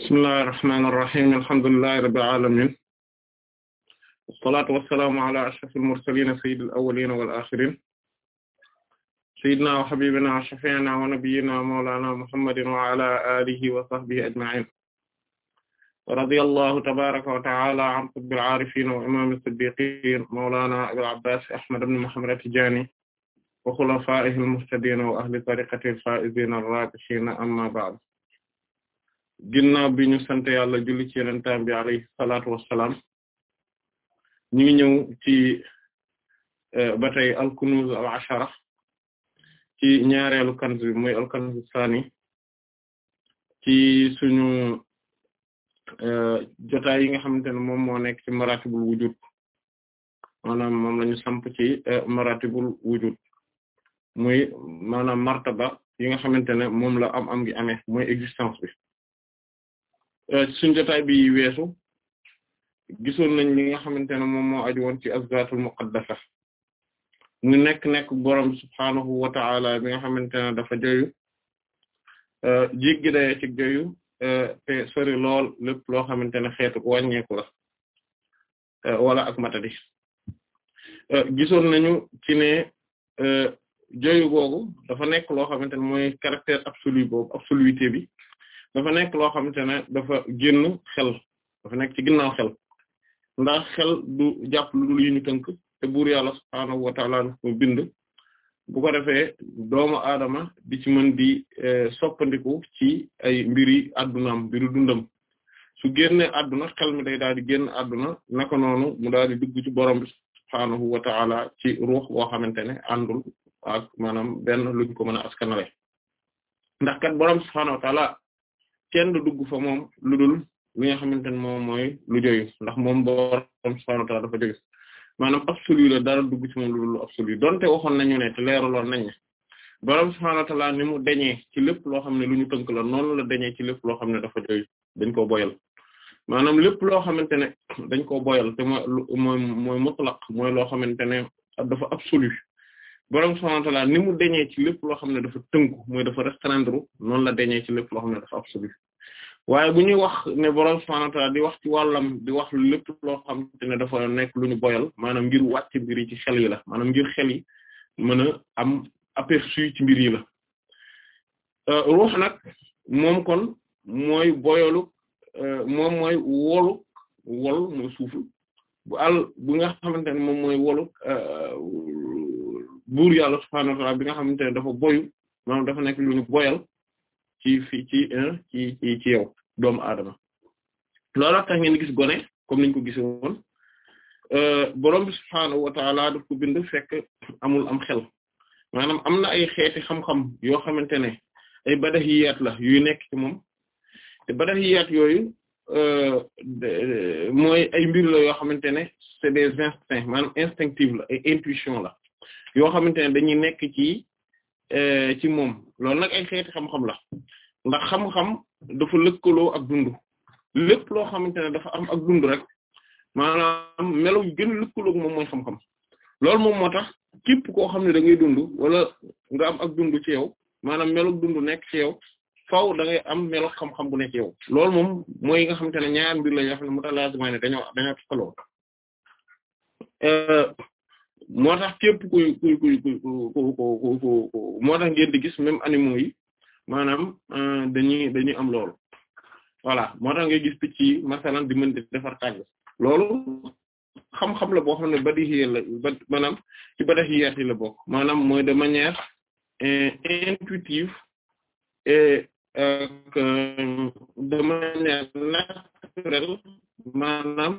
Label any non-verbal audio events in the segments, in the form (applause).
bismillahi irrahmani irrahim alhamdulilahi rabbil alamin wassalatu wassalaamu ala ashrafil mursalin sayyidil awwalin wal akhirin sayyidina wa habibina wa shafi'ina wa nabiyyina mawlana muhammadin wa ala alihi wa sahbihi ajma'in radiyallahu tabaraka wa ta'ala an qutbil arifin wa imam as-siddiqin mawlana abil abbas ahmad ibn muhammad at-tijani wa khulafa'ihil muhtadin wa ahli tariqatihi al-faizin ar-rabihin amma ba'd ginnaaw bi ñu sant yàlla julli ci yenentaam bi alayhi salaatu wassalaam ñu ngi ñëw ci eh, ba tey al ashara ci ñaareelu kanz bi mooy al-kanz sani ci suñu eh, jotaay yi nga xamante ne moom moo nekk ci maratibul wujud maanaam moom lañu samp ci eh, maratibul wujud muy maanaam martaba yi nga xamante ne moom la am am gi amee mooy existence bi Euh, suñu jotaay bi weesu gisoon nañ li nga xamante ne moom moo aju woon ci azzatul muqaddasa nu nekk nekk borom subhaanahu wa ta'ala bi nga xamante ne dafa joyu euh, jéggi dayoo ci joyu euh, te lool lépp loo xamante ne xeetu wàññeeku la wala ak matadi gisoon nañu ci ne joyu googu dafa nekk loo xamante ne mooy caractère absolu boobu absoluité bi. dafa nekk loo xamante ne dafa génn xel dafa ci ginnaaw xel xel du jàpp lu dul yi ñu tënk te buur yàlla subhaanahu wa ta'ala ko bind bu ko defee doomu aadama di ci mën di eh, soppandiku ci ay mbiri addunaam mbiru dundam su génne adduna xel mi day daal di génn adduna naka noonu mu daal di dugg ci borom bi subhaanahu wa ta'ala ci ruux boo xamante ne àndul ak maanaam benn luñ ko mën a ndax kat borom subhaanahu wa ta'ala kenn du dugg fa moom lu dul li nga xamante ne moom mooy lu joyu ndax moom boroom subhaanahu wa ta'aala dafa joyu maanaam absolu la dara dugg ci moom lu dul absolu donte waxoon nañu ne te leeruloon nañ ne boroom subhaanahu wa ta'aala ni mu deñee ci lépp loo xam ne lu ñu tënk la noonu la deñee ci lépp loo xam ne dafa joyu dañ koo boyal maanaam lépp loo xamante ne dañ koo boyal te mooy mooy mooy mutlaq mooy loo xamante ne dafa absolu borom subhanahu wa ta'ala ni mu deñee ci lépp loo xam ne dafa tënku mooy dafa restreindre noonu la deñee ci lépp loo xam ne dafa absolu waaye bu ñuy wax ne borom subhanahu wa di wax ci wàllam di wax lépp loo xam ne dafa nekk lu ñu boyal maanaam ngir wàcc mbir yi ci xel yi la maanaam ngir xel yi mën a am aperçu ci mbir yi la euh, ruux nag moom kon mooy boyalu euh, moom mooy wolu wol mooy suufu bu àll bu nga xamante ne moom mooy wolu euh, buur yàlla subhaanahu wa ta'aala bi nga xamante ne dafa boyu maanaam dafa nekk lu ñu boyal ci fi ci eh, ci ci ci yow doomu aadama loolu tax ngeen gis gone comme niñ ko gisee woon eh, borom bi subhaanahu wa ta'aala daf bind fekk amul am xel maanaam am na ay xeeti xam-xam yoo xamante ne ay badahiyaat la yuy nekk ci moom te badahiyaat yooyu eh, mooy ay mbir la yoo xamante ne c'est des instincts maanaam instinctive la ay intuition la yoo xamante ne dañuy nekk ci euh, ci moom loolu nag ay xeeti xam-xam la ndax xam-xam dafa lëkkaloo ak dund lépp loo xamante ne dafa am ak dund rek maanaam melo yu gën a lëkkaloo moom mooy xam-xam loolu moom moo tax képp koo xam ne da ngay dund wala nga am ak dund ci yow maanaam melo dund nekk ci yow faaw da ngay am melo xam-xam bu nekk ci yow loolu moom mooy nga xamante ne ñaar mbir la yoo xam ne mu tax laasimaa ne dañoo dañoo toloo euh, moo tax képp kuy kuy kuy kuy moo tax ngeen di gis même animaux yi maanaam euh, dañuy dañuy am loolu voilà moo tax ngay gis picc yi masalan di mën di defar tàgg loolu xam-xam la boo xam ne badihi la ba maanaam ci badihiyat yi la bokk maanaam mooy de manière euh, intuitive et euh, de manière naturelle maanaam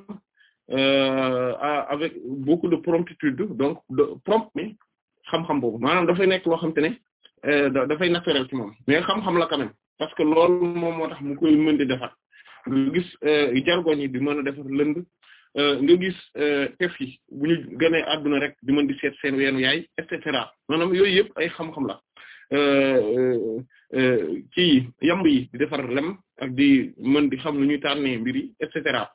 Euh, avec beaucoup de promptitude donc de prompt mais xam-xam boobu maanaam dafay nekk loo xam te ne euh, dafay naturel ci moom mais xam-xam la quand même parce que loolu moom moo tax mu koy mën di defar nga gis euh, jargoñ yi di mën a defar lënd nga gis tef yi bu ñu gënee àdduna rek di mën di seet seen weenu yaay et cetera maanaam yooyu yëpp ay xam-xam la ci yamb yi di defar lem di mën di xam lu ñuy tànnee mbir yi et cetera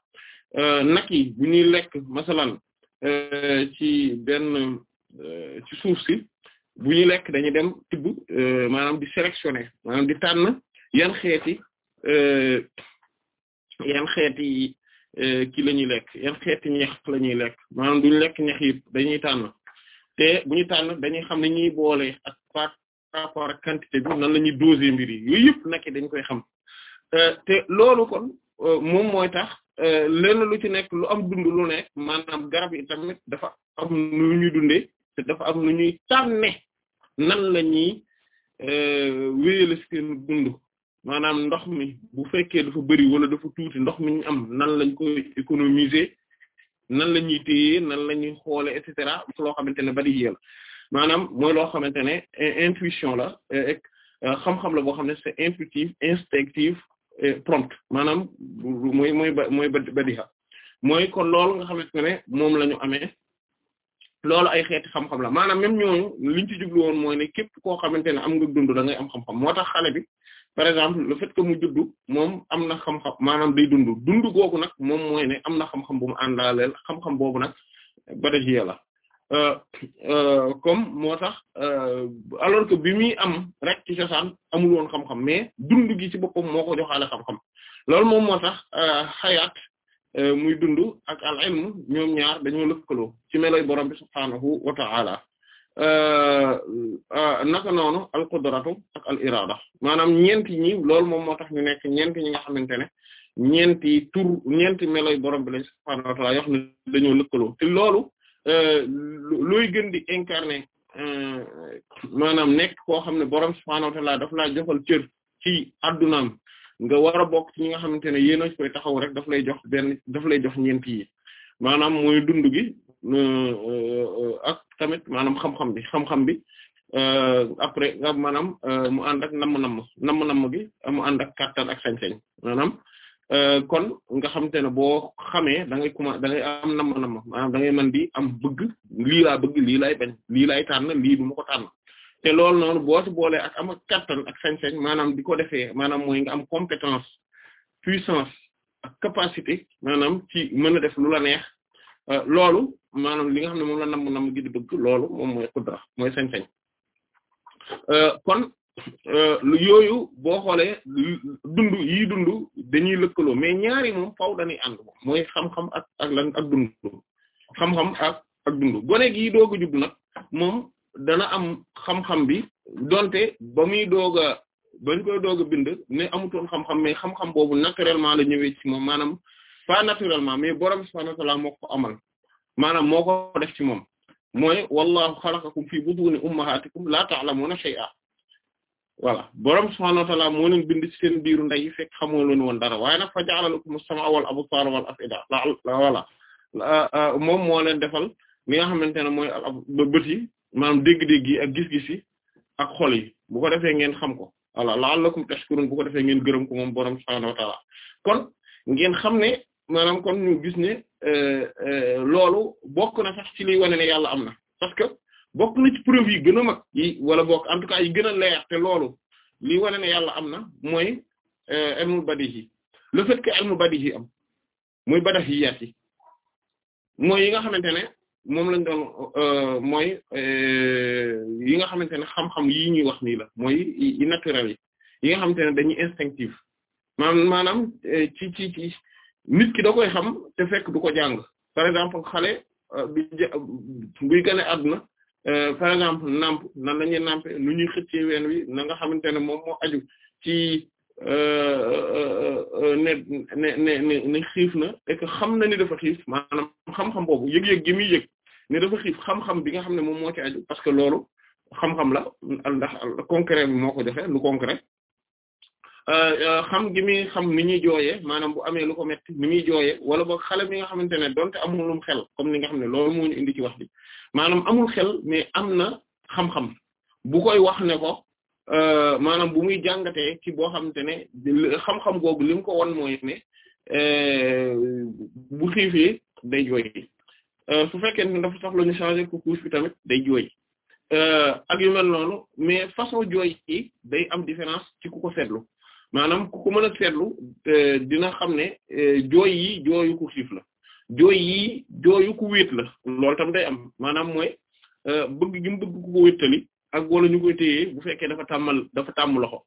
Euh, nag yi bu ñuy lekk masalan euh, ci benn euh, ci suuf si bu ñuy lekk dañuy dem tibb maanaam di sélectionner maanaam di tànn yan xeeti yan xeeti ki la ñuy lekk yan xeeti ñax la lekk maanaam duñ lekk ñax yëpp dañuy tànn te bu ñu tànn dañuy xam ne ñuy boole ak par rapport ak quantité bi nan la ñuy doser mbir yi yooyu yëpp nag dañ koy xam te loolu kon moom mooy tax Euh, lenn lu ci nekk lu am dund lu nekk maanaam garab yi tamit dafa am nu ñuy dundee te dafa am nu ñuy tànne nan la ñuy euh, wéyale seen dund maanaam ndox mi bu fekkee dafa bari wala dafa tuuti ndox mi ñu am nan lañ koy économiser nan la ñuy téye nan la ñuy xoole et cetera loo xamante ne bari yéen maanaam mooy loo xamante ne intuition la ak euh, xam-xam la boo xam ne c'est intuitif instinctif Eh, prompt maanaam mooy mooy mooy badiha mooy kon loolu nga xamante ne moom la ñu amee loolu ay xeeti xam-xam la maanaam même ñooñu liñ ci jublu woon mooy ne képp koo xamante ne am nga dund da ngay am xam-xam moo tax xale bi par exemple le fait que mu juddu moom am na xam-xam maanaam day dund dund googu nag moom mooy ne am na xam-xam bu mu àndaaleel xam-xam boobu nag badaji la Euh, euh, comme moo tax euh, alors que bi muy am rek ci cosaan amul woon xam-xam mais dund gi ci boppam moo ko joxaale xam-xam loolu moom moo tax xayaat muy dund ak al ilm ñoom ñaar dañoo lëkkaloo ci meloy borom bi subhaanahu wa ta'ala naka noonu al qudratu ak al irada maanaam ñeenti ñi loolu moom moo tax ñu nekk ñeenti ñi nga xamante ne ñeenti tur ñeenti meloy borom bi la a wa ta'ala dañoo lëkkaloo te loolu Euh, looy gën di incarner euh, maanaam nekk koo xam ne borom subhaanahu wa daf laa joxal cër ci addunaam nga war a bokk ci nga xamante ne yéen a koy taxaw rek daf lay jox benn daf lay jox ñeent yi maanaam mooy dund gi euh, ak tamit maanaam xam-xam bi xam-xam bi après maanaam mu ànd ak namm-namm namm a gi mu ànd ak kàttan ak sañ-sañ maanaam. Euh, kon nga xamante ne boo xamee da ngay commencé da ngay am nam nam maanaam da ngay mën di am bëgg lii laa bëgg lii laay bañ lii laay tànn lii du ma ko tànn te loolu noonu boo ci boolee ak am ak kattan ak sañ-sañ maanaam di ko defee maanaam mooy nga am compétence puissance ak capacité maanaam ci mën a def lu la neex euh, loolu maanaam li nga xam ne moom la nam nam gi di bëgg loolu moom mooy qudra mooy sañ-sañ euh, kon Euh, yooyu boo xoolee dund yi dund dañuy lëkkaloo mais ñaari moom faw dañuy ànd mooy xam-xam ak ak lan ak dund xam-xam ak ak dund gone gii doog a judd nag moom dana am xam-xam bi donte ba muy doog a bañ koy doog bind ne amutoon xam-xam mais xam-xam boobu naturellement la ñëwee ci moom maanaam pas naturellement mais borom subhanahu wa ta'ala moo ko amal maanaam moo ko def ci moom mooy wallahu xalaqakum fi butuni ummahatikum la ta'lamuna shay'a voilà borom subhaanahu wa ta'aala moo leen bind ci seen biiru ndey fekk xamoo leen woon dara waaye nag fa ja'ala lakumu as-sam'a wal absaara wal af'ida voilà euh, euh, moom moo leen defal li nga xamante ne mooy al ba bët yi maanaam dégg-dégg yi ak gis-gis yi ak xol yi bu ko defee ngeen xam ko voilà la'allakum tashkurun bu ko defee ngeen gërëm ko moom borom subhaanahu wa ta'aala kon ngeen xam ne maanaam kon ñu gis ne euh, loolu bokk na sax ci liy wane ne yàlla am na parce bokk na ci preuve yi gën a mag yi wala bokk en tout cas yi gën a leer te loolu li wane ne yàlla am na mooy euh, ilmul badihi le fait que ilmul badihi am muy badahiyat yi mooy yi nga xamante ne moom lañ doon euh, mooy euh, yi nga xamante ne xam-xam yii ñuy wax nii la mooy yi naturel yi yi nga xamante ne dañuy instinctif maanaam maanaam ci ci ci nit ki da koy xam te fekk du ko jàng par exemple xale bi buy gane àdduna Euh, par exemple namp nan la ñuy nampe nu ñuy xëccee ween wi na nga xamante ne moom moo aju ci euh, euh, ne ne ne ne xiif na xam na ni dafa xiif maanaam xam-xam boobu yëg-yëg gi muy yëg ne dafa xiif xam-xam bi nga xam ne moom moo ci aju parce que loolu xam-xam la ndax concret bi moo ko joxe lu concret xam gi muy xam ni ñuy jooyee maanaam bu amee lu ko metti ni muy jooyee wala boog xale bi nga xamante ne donte amulum xel comme ni nga xam ne loolu moo ñu indi ci wax bi maanaam amul xel mais am na xam-xam bu koy wax ne ko euh, maanaam bu muy jàngatee ci boo xamante ne xam-xam googu lim ko wan mooy ne euh, bu xiifee day jooy euh, su fekkee ne dafa soxla ñu changer ko couche bi tamit day jooy ak yu mel noonu mais façon jooy day am différence ci ku ko seetlu maanaam ku ko mën a seetlu dina xam ne jooy yi jooyu ku xiif la jooy yi jooyu ku wéet la loolu tam day am maanaam mooy euh, bëgg gi mu bëgg ku ko wéttali ak wala ñu koy téye bu fekkee dafa tàmmal dafa tàmm loxo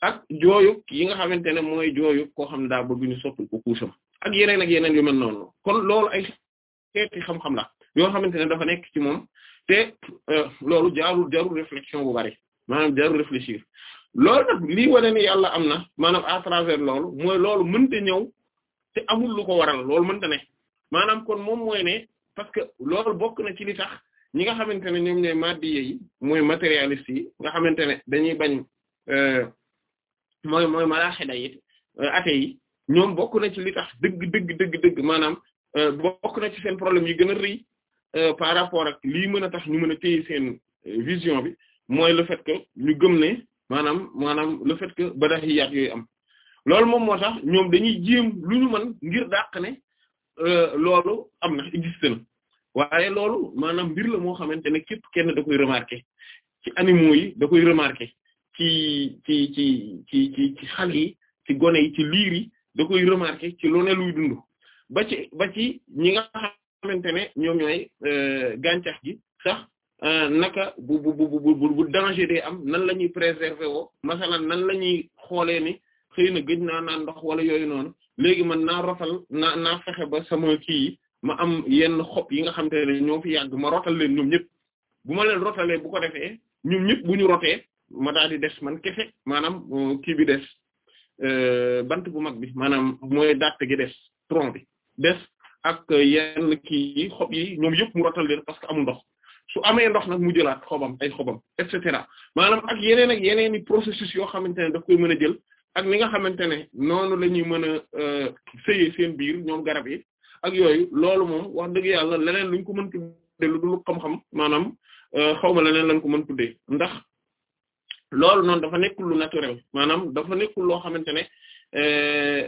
ak jooyu yi nga xamante ne mooy jooyu koo xam ne daa bëgg ñu soppi ko kuusam ak yeneen ak yeneen yu mel noonu kon loolu ay xeeti xam yoo xamante ne dafa nekk ci moom te euh, loolu jaarul jaarul réflexion bu bari maanaam jaarul réfléchir loolu nag lii wane ni yàlla am na maanaam à travers loolu mooy loolu mënta ñëw te amul lu ko waral loolu mënta ne maanaam kon moom mooy ne parce que lool bokk na ci tax ñi nga xamante ne ñoom ñooy maddiye yi mooy matérialiste yi nga xamante ne dañuy bañ euh, mooy mooy malaaxida yi euh, athée yi ñoom bokk na ci li tax dëgg dëgg dëgg dëgg maanaam euh, bokk na ci seen problème yi gën a rëy par rapport ak lii mën a tax ñu mën a téye seen vision bi mooy le fait ñu gëm ne maanaam maanaam le fait que badaahiyaat yooyu am loolu moom moo tax ñoom dañuy jéem lu ñu mën ngir dàq ne Euh, loolu am na existe na waaye loolu maanaam mbir la moo xamante ne képp kenn da koy remarquer ci animaux yi da koy remarquer ci ci ci ci yi ci gone yi ci liir yi da koy remarquer ci lu ne luy dund ba ci ba ñi nga xamante ne ñoom ñooy euh, gàncax gi sax euh, naka bu bu bu bu bu danger day am nan la ñuy préserver woo masalan nan la ñuy xoolee ni xëy na gëj naa naan ndox wala yooyu noonu léegi man naa rotal naa naa fexe ba sama kii ma am yenn xob yi nga xam te ne ñoo fi ma rotal leen ñoom ñëpp bu ma leen rotalee bu ko defee ñoom ñëpp bu ñu rotee ma daal di des man kese maanaam euh, kii bi des euh, bant bu mag bi maanaam mooy datt gi des tronc bi des ak euh, yenn kii xob yi ñoom yëpp mu rotal leen parce que amul ndox su amee ndox nag mu jëlaat xobam ay xobam et cetera maanaam ak yeneen ak yeneen i processus yoo xamante ne daf koy mën a jël ak li nga xamante ne noonu la ñuy mën a euh, sëyee seen biir ñoom garab yi ak yooyu loolu moom wax dëgg yàlla leneen luñ ko mën tuddee lu dul xam-xam maanaam euh, xaw ma leneen lañ ko mën tuddee ndax loolu noonu dafa nekkul lu naturel maanaam dafa nekkul loo xamante ne euh,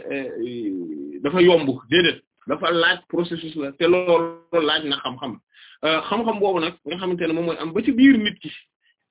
dafa yomb déedéet dafa laaj processus la te loolu laaj na xam-xam xam-xam boobu nag nga xamante ne moom mooy am ba ci biir nit ki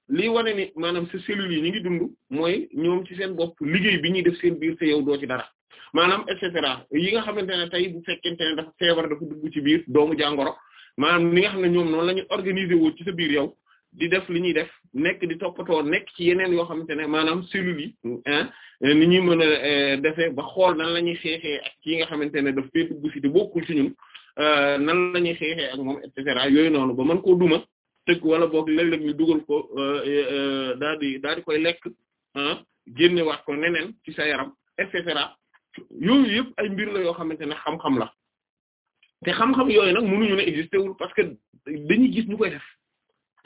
lii wane ni maanaam sa cellules yi ñu ngi dund mooy ñoom ci seen bopp liggéey bi ñuy def seen biir te yow doo ci dara maanaam et cetera yi nga xamante ne tey bu fekkente ne dafa feebar dafa dugg ci biir doomu jàngoro maanaam li nga xam ne ñoom noonu la ñu organiser woo ci sa biir yow di def li ñuy def nekk di toppatoo nekk ci yeneen yoo xamante ne maanaam cellules yi ah ni ñuy mën a euh, defee ba xool nan la ñuy xeexee ak ki nga xamante ne daf fee ci te bokkul ci ñun euh, nan la ñuy xeexee ak moom et yooyu noonu ba mën koo duma tëgg wala boog léeg-léeg ñu dugal ko euh, euh, euh, daal di daal di koy lekk ah ko neneen ci sa yaram et cetera yooyu yëpp ay mbir la yoo xamante ne xam-xam la te xam-xam yooyu nag mënuñu ne existé wul parce que dañuy gis ñu koy def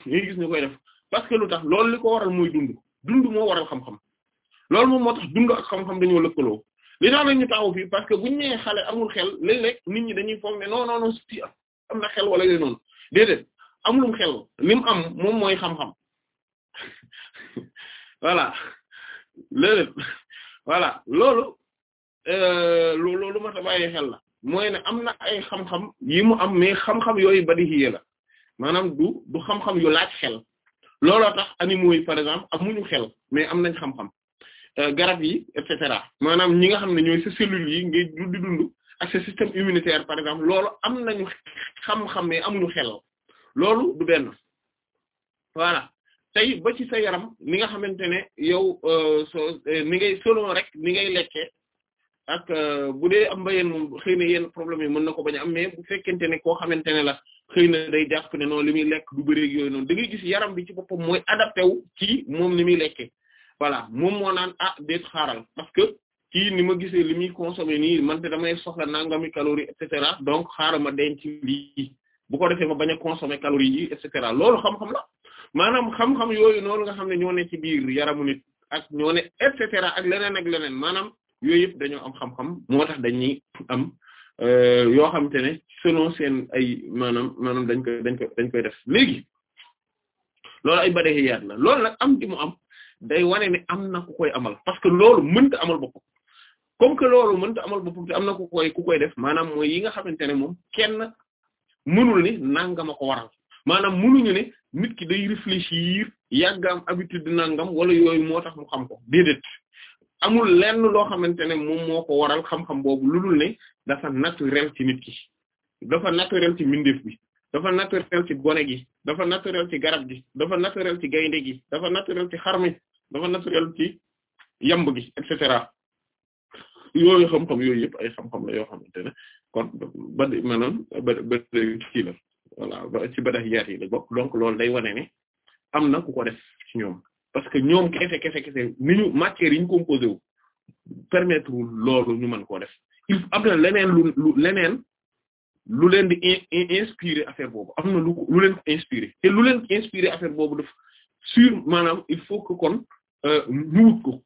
dañuy ñu koy def parce que lu tax loolu li ko waral mooy dund dund moo waral xam-xam loolu moom moo tax dund ak xam-xam dañoo lëkkaloo li na nag ñu taxaw fii parce que buñ nee xale amul xel léeg nit ñi dañuy foog ne non non non si am na xel wala yooyu noonu déedéet. amulum lum xel li mu am moom mooy xam-xam (laughs) voilà léeg voilà loolu euh, loolu lu ma ta bàyyi xel la mooy ne am na ay xam-xam yi mu am mais xam-xam yooyu badihiya la maanaam du du xam-xam yu laaj xel looloo tax animaux yi par exemple amuñu xel mais am nañ xam-xam euh, garab yi et cetera maanaam ñi nga xam ne ñooy sa cellules yi ngay dund di dund ak sa système immunitaire par exemple loolu am nañu xam-xam mais amuñu xel loolu du benn voilà tey ba ci sa yaram ni nga xamante ne yow euh, soo euh, ni ngay selon rek ni ngay lekkee ak euh, bu dee am ba yéen moom xëy na yéen problème yi mën na ko bañ a am mais bu fekkente ne koo xamante ne la xëy na day jàpp ne noonu li muy lekk du bëreeg yooyu noonu da ngay gis yaram bi ci boppam mooy adapté wu ci moom ni muy lekkee wala moom moo naan ah déet xaaral parce que kii ni ma gisee li muy consommer nii man te damay soxla nangami calorie et cetera donc xaaral ma denc lii bu ko defee ma bañ a consommer calories yi et cetera loolu xam-xam la maanaam xam-xam yooyu noonu nga xam ne ñoo ne ci biir yaramu nit ak ñoo et cetera ak leneen ak leneen maanaam yooyu yëpp dañoo am xam-xam moo tax dañuy am euh, yoo xamante ne selon seen ay maanaam maanaam dañ koy dañ koy dañ koy def léegi loolu ay badahiyaat la loolu nag am di mu am day wane ne am na ku koy amal parce que loolu mënta amal boppam comme que loolu mënta amal boppam te am na ku koy ku koy def maanaam mooy yi nga xamante ne moom kenn mënul ne nangam a ko waral maanaam mënuñu ne nit ki day réfléchir yàgg am habitude nangam wala yooyu moo tax mu xam ko déedéet amul lenn loo xamante ne moom moo ko waral xam-xam boobu lu dul ne dafa naturel ci nit ki dafa naturel ci mbindeef bi dafa naturel ci gone gi dafa naturel ci garab gi dafa naturel ci gaynde gi dafa naturel ci xarmi dafa naturel ci yamb gi et cetera yooyu xam-xam yooyu yëpp ay xam-xam la yoo xamante ne kon ba maanaam ba ba kii la voilà ba ci badax yaat yi la bokk donc loolu day wane ne am na ku ko def ñoom parce que ñoom kese kese kese ni ñu matière yi ñu composé wu permettre loolu ñu mën koo def il am leneen lu leneen lu leen di in inspiré affaire boobu am na lu lu len ko inspiré te lu leen inspiré affaire boobu daf sur maanaam il faut que kon euh, ñu wut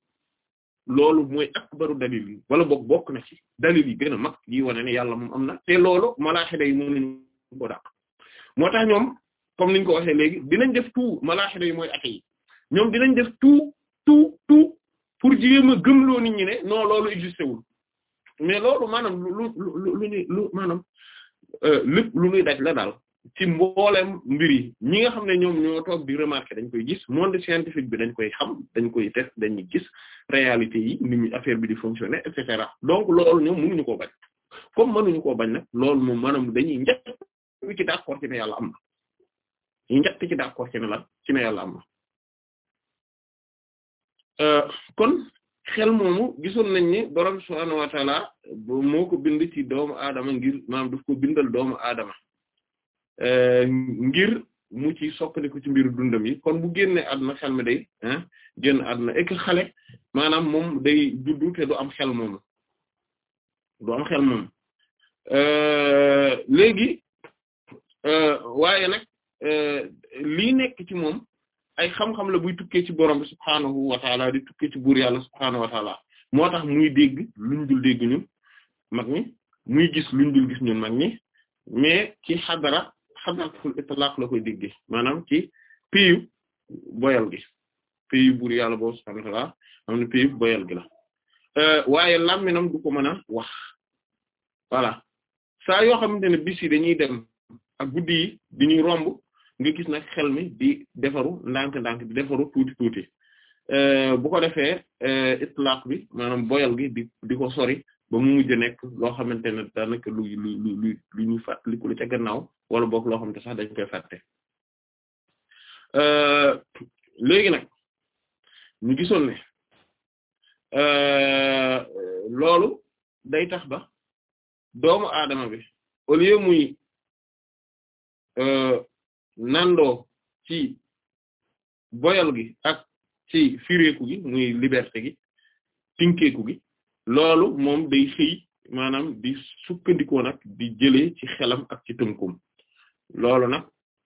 loolu mooy akbaru dalil yi wala boog bokk na ci dalil yi gën a mag yi wane ne yàlla moom am na te loolu malaxida yi mënuñu ko dàq moo ñoom comme niñ ko waxee léegi dinañ def tout malaxida yi mooy ate yi ñoom dinañ def tout tout tout pour jéem a gëmloo nit ñi ne non loolu existé wul mais loolu maanaam lu lu lu ñuy lu euh, lépp lu ñuy daj la daal ci mboolem mbir yi ñi nga xam ne ñoom ñoo toog di remarquer dañ koy gis monde scientifique bi dañ koy xam dañ koy def dañuy gis réalité yi ni muy affaire bi di fonctionner et cetera donc loolu ñoom mënuñu koo bañ comme mënuñu koo bañ nag loolu moom maanaam dañuy njëkk ci d'accord ci ne yàlla am na ne la ci ne yàlla am na euh, kon xel moomu gisoon nañ ni borom subhaanahu wa ta'ala moo bind ci doomu aadama ngir maanaam daf ko bindal doomu aadama euh, ngir mu ci soppandiku ci mbiru dundam yi kon bu génnee àdduna xel mi day génn àdduna ek xale maanaam moom day juddu te du am xel moomu du am xel moomu euh, léegi euh, waaye nag euh, lii nekk ci moom ay xam-xam la buy tukkee ci borom bi subhaanahu wa taala di tukkee ci buur yàlla subhaanahu wa moo tax muy dégg luñ dul dégg ñun mag ñi muy gis luñ dul gis ñun mag ñi mais ci xadara xam xadaatul itlaq la koy dégge maanaam ci piyu boyal gi piyu buur yàlla boobu subhaanahu wa ta'aala am na piyu boyal gi la euh, waaye làmminam du ko mën a wax voilà saa yoo xamante ne bis yi dañuy dem ak guddi yi dañuy romb ngi gis nag xel mi di defaru ndànk-ndànk di defaru tuuti tuuti euh, bu ko defee euh, itlaq bi maanaam boyal gi di di ko sori ba mu mujj nekk loo xamante ne daanaka lu lu lu lu ñu fàttaliku la ca gannaaw wala boog loo xam te sax dañ koy fàtte euh, léegi nag ñu gisoon ne euh, loolu day tax ba doomu aadama bi au lieu muy euh, nandoo ci boyal gi ak ci fireeku gi muy liberté gi tinkeeku gi loolu moom day xëy maanaam di sukkandikoo nag di jëlee ci xelam ak ci tënkum loolu nag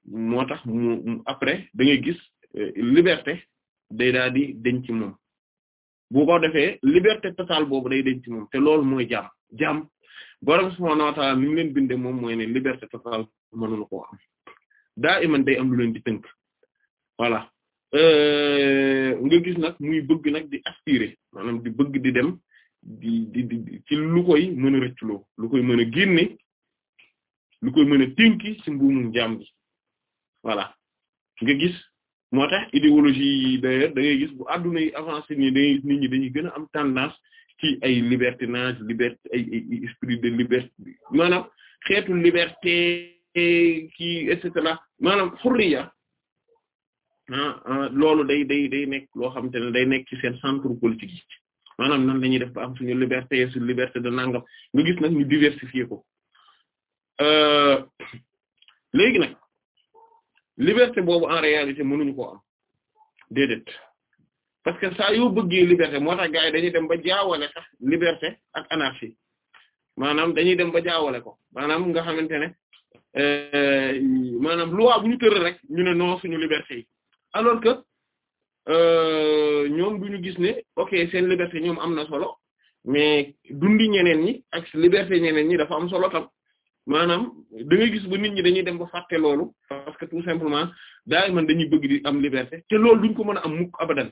hmm. moo tax mu après da gis euh, liberté day daal di denc ci moom bu ko defee liberté totale boobu day denc ci moom te loolu mooy jàmm jàmm borom subhaanahu wa ta'aala leen bindee moom mooy ne liberté totale mënul koo am daa iman day am lu leen di tënk voilà euh, nga gis nag muy bëgg nag di aspirer maanaam di bëgg di dem di di di ci lu koy mën a rëcculoo lu koy mën a génne lu koy mën a tënki ci mbuumum jaam gi voilà nga gis moo tax idéologie yi d'ailleurs da ngay gis bu adduna yi avancé nii da ngay gis nit ñi dañuy gën a am tendance ci ay libertinage liberté ay ay esprit de liberté maanaam xeetu liberté kii et cetera maanaam xurriya ah, ah loolu day day nekk loo xamante ne day nekk ki seen centre politique yi maanaam nan la ñuy def ba am suñu liberté suñu liberté de nangam nga gis nag ñu diversifier ko Euh, léegi nag liberté boobu en réalité mënuñu ko am déedéet parce que saa yoo bëggee liberté moo tax gars dañuy dem ba jaawale sax liberté ak anarchie maanaam dañuy dem ba jaawale ko maanaam nga xamante ne euh, maanaam loi bu ñu tëral rek ñu ne non suñu liberté yi alors que euh, ñoom du ñu gis ne ok seen liberté ñoom am na solo mais dundi ñeneen ñi ak liberté ñeneen ñi dafa am solo tam maanaam da ngay gis ba nit ñi dañuy dem ba fàtte loolu parce que tout simplement daay man dañuy bëgg di am liberté te loolu duñ ko mën a am mukk abadan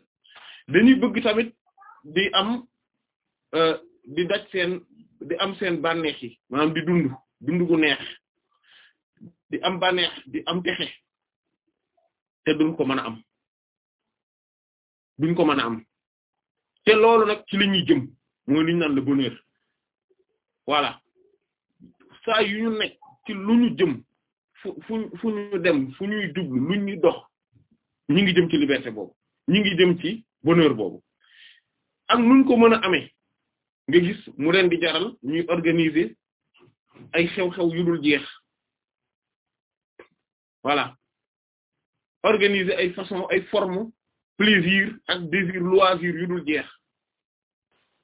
dañuy bëgg tamit di am euh, di daj seen di am seen bànneex yi maanaam di dund dund gu neex di am bànneex di am texe te duñ ko mën a am duñ ko mën a am te loolu nag ci la ñuy jëm mooy li ñu naan le bonheur voilà saa yu ñu nekk ci lu ñu jëm fu fu fu ñu dem fu ñuy jublu lu ñu dox ñi ngi jëm ci liberté boobu ñi ngi jëm ci bonheur boobu ak nuñ ko mën a amee nga gis mu leen di jaral ñuy organiser ay xew-xew yu dul jeex voilà organiser ay façon ay forme plaisir ak désir loisir yu dul jeex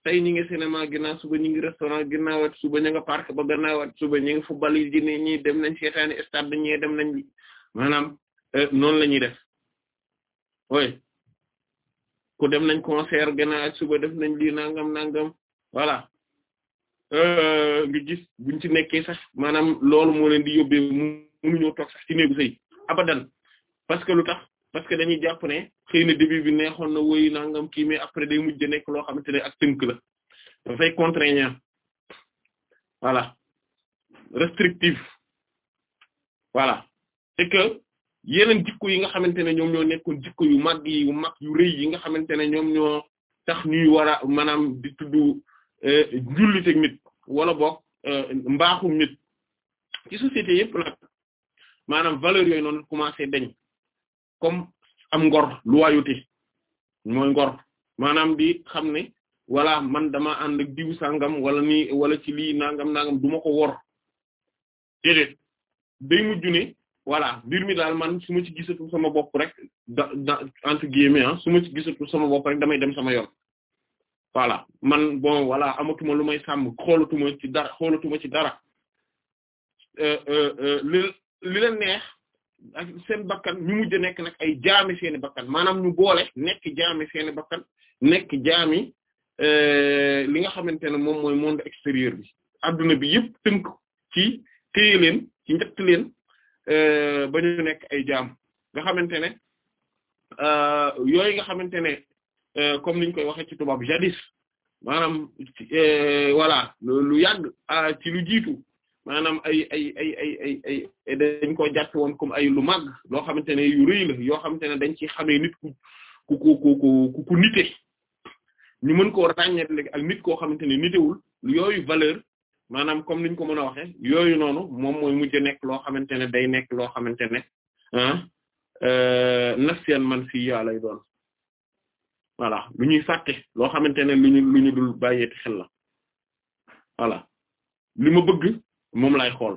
tey ñi ngi cinéma ginnaaw suba ñi ngi restaurant ginnaawaat suba ña nga parc ba gannaawaat suba ñi ngi football yi di ne ñi dem nañ seetaani stade ñi dem nañ maanaam euh, noonu la ñuy def oui ku dem nañ concert gannaawaat suba def nañ lii nangam nangam voilà euh, nga gis buñ ci nekkee sax maanaam loolu moo leen di yóbbee mu mënuñoo toog sax ci néegu sëy abadan parce que lu tax parce que dañuy jàpp ne xëy na début bi neexoon na woy nangam kii mais après day mujj nekk loo xamante ne ak tënk la dafay contraignant voilà restrictif voilà c'est que yeneen yi nga xamante ne ñoom ñoo nekkoon jikko yu mag yi yu mag yu rëy yi nga xamante ne ñoom ñoo tax ñuy war a maanaam di tudd njulliteg euh, nit wala boog euh, mbaaxum nit ci société yëpp nag maanaam valeur yooyu noonu commencé dañ comme am ngor lu wayuti mooy ngor maanaam di xam ne wala man dama ànd ak diw sangam wala nii wala ci lii nangam nangam du ma ko wor déedéet day mujj ne voilà mbir mi daal man su ma ci gisatu sama bopp rek da da entre guillemets ah su ma ci gisatu sama bopp rek damay dem sama yoon voilà man bon voilà amatuma lu may sàmm xoolatuma ci dara xoolatuma ci dara euh, euh, euh, li li leen neex ak seen bakkan ñu mujj nekk nag ay jaami seeni bakkan maanaam ñu boole nekk jaami seeni bakkan nekk jaami euh, li nga xamante ne moom mooy monde extérieur bi adduna bi yëpp tënk ci téye leen ci njëkk leen euh, ba nekk ay jaam nga xamante ne euh, yooyu nga xamante ne comme liñ koy waxee ci tubaab jadis maanaam voilà lu yàgg ah, ci lu jiitu maanaam ay ay ay ay ay ay dañ ko jàpp woon comme ay lu màgg loo xamante ne yu rëy la yoo xamante ne dañ ci xamee nit ku ku ku ku ku ku nite ñu mën koo ràññee ak nit koo xamante ne nitewul yooyu valeur maanaam comme niñ ko mën a waxe yooyu noonu moom mooy mujj nekk loo xamante ne day nekk loo xamante ne ah euh, nasiyan man fii yaa lay doon voilà lu ñuy fàtte loo xamante ne lu ñu ñu dul bàyyeeti xel bëgg moom lay xool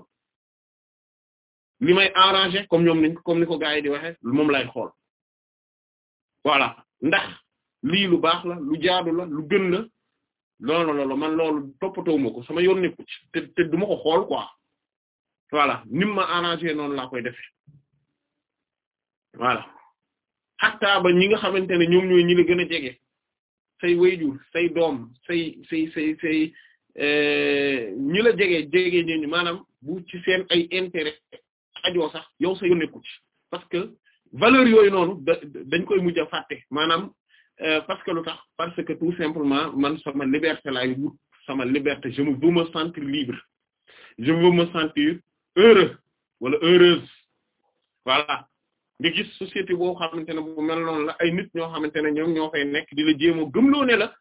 li may arranger comme ñoom niñ comme ni ko gars yi di waxe moom lay xool voilà ndax lii lu baax la lu jaadu la lu gën la loolu loolu man loolu toppatoo ma ko sama yoon nekku ci te du ma ko xool quoi voilà nim ma arranger noonu laa koy defe voilà xataa ba ñi nga xamante ne ñoom ñooy ñi la gën a jege say wayjur say doom say say say say Euh, ñi la jege jege ñooñu maanaam bu ci seen ay intérêt ajoo sax yow sa yónneeku ci parce que valeur yooyu noonu da dañ koy mujj a fàtte maanaam euh, parce que lu tax parce que tout simplement man sama liberté laay wut sama liberté je veux me sentir libre je veux me sentir heureux wala heureuse voilà nga gis société boo xamante ne bu mel noonu la ay nit ñoo xamante ne ñoom ñoo fay nekk di la jéem a gëmloo la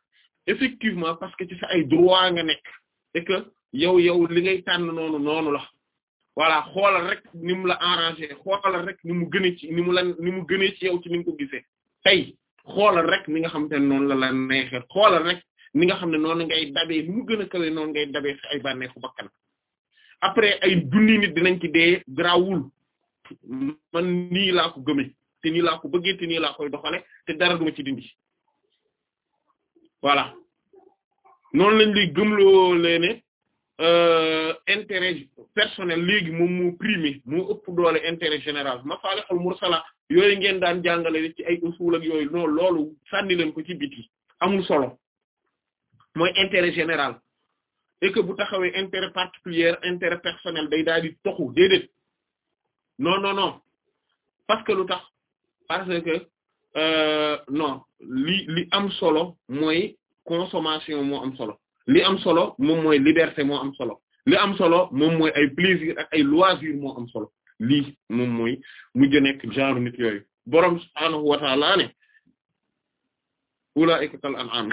effectivement parce que ci sa ay droit nga nekk et que yow yow li ngay tànn noonu noonu la voilà xoolal rek ni mu la arrangé xoolal rek ni mu gënee ci ni mu la ni mu gënee ci yow ni nga ko gisee tey xoolal rek ni nga xamante ne noonu la la neexee xoolal rek ni nga xam ne noonu ngay dabee ni mu gën a kawe noonu ngay dabee sa ay bànneexu bakkan après ay junni nit dinañ ci dee grawul man nii laa ko gëmee te nii laa ko bëggee te nii laa koy doxale te dara duma ci dindi voilà noonu lañ lay gëmloo lee ne euh, intérêt personnel léegi moom mu primé moo ëpp doole intéret général masalihul mursala yooyu ngeen daan jàngale ci ay usul ak yooyu non loolu sànni leen ko ci biti am solo mooy intérêt général et que bu taxawee intérêt particulier intérêt personnel day daal di toxu déedéet non non non parce que lu tax parce que euh, non li li am solo mooy consommation moo am solo li am solo moom mooy liberté moo am solo li am solo moom mooy ay plaisir ak ay loisir moo am solo lii moom mooy mujj nekk genre nit yooyu borom subhaanahu wa ta'ala ne ulaa'ika kal an'am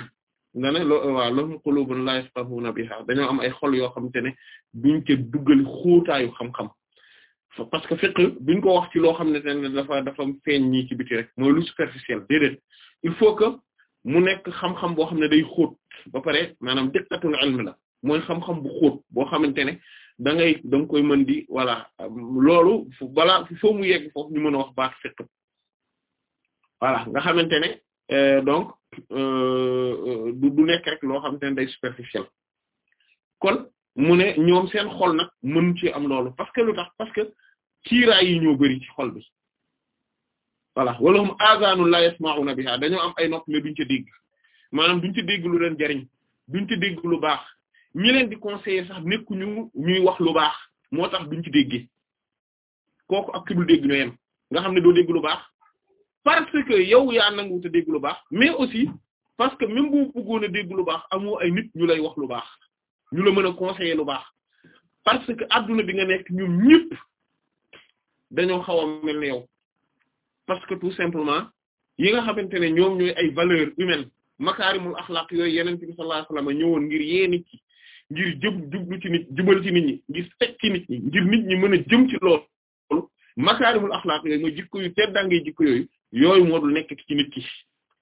nga ne loo waaw lahum qulubun la na biha dañoo am ay xol yoo xamante ne duñ ca duggali xóotaayu xam-xam parce que fiqh biñ ko wax ci loo xamante ne dafa dafa feeñ ñii ci biti lu superficiel déedéet il faut que mu nekk xam-xam boo xam ne day xóot ba pare maanaam diqatul ilm la mooy xam-xam bu xóot boo xamante ne da ngay da nga koy mën di voilà loolu balaa foo mu yegg foofu ñu mën a wax baax fiqh voilà nga xamante ne euh, donc euh, du du nekk rek loo xamante ne day superficiel kon mu ne ñoom seen xol nag mën ci am loolu parce que lu tax parce que kiiraay yi ñoo bari ci xol bi voilà wala hum azanun na bi biha dañoo am ay nopp du ñu ca dégg maanaam duñ ca dégg lu leen jariñ duñ ca dégg lu baax ñi leen di conseiller sax ñu ñuy wax lu baax moo tax duñ ci dégg kooku ak ki nga xam ne doo dégg lu baax parce que yow yaa nangu te dégg lu baax mais aussi parce que même boo bëggoon a dégg lu baax amoo ay nit ñu lay wax lu baax ñu la mën a conseiller lu baax parce que adduna bi nga nekk ñu ñëpp dañoo xaw a mel ni yow parce que tout simplement yi nga xamante ne ñoom ñooy ay valeurs humaines makaarimul axlaq yooyu yeneen bi sallallahu alayhi wasallam ñëwoon ngir yee nit ki ngir jëm jublu ci ci nit ñi ngir teg ci nit ñi ngir nit ñi mën a jëm ci loolu makaarimul axlaq yooyu mooy jikko yu teddaangee jikko yooyu yooyu moo dul nekk ci nit ki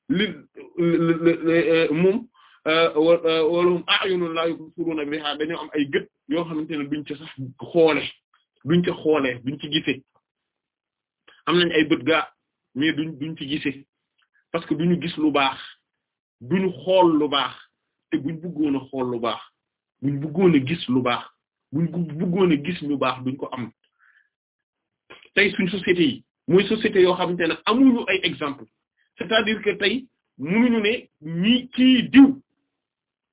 li eh, moom eh, eh, walahum la yubsiruna biha ay gët yoo xamante ne duñ ca sax xoole duñ ca xoolee duñ ci gisee am nañ ay bët gaa mais duñ duñ ci gisee parce que ñu gis lu baax ñu xool lu baax te buñ bëggoon a xool lu baax buñ bëggoon gis lu baax buñ bëggoon a gis lu baax duñ ko am tey suñ société yi mooy société yoo xamante ne amuñu ay exemple c'est-à-dire que tey ñu ne ñi kii diw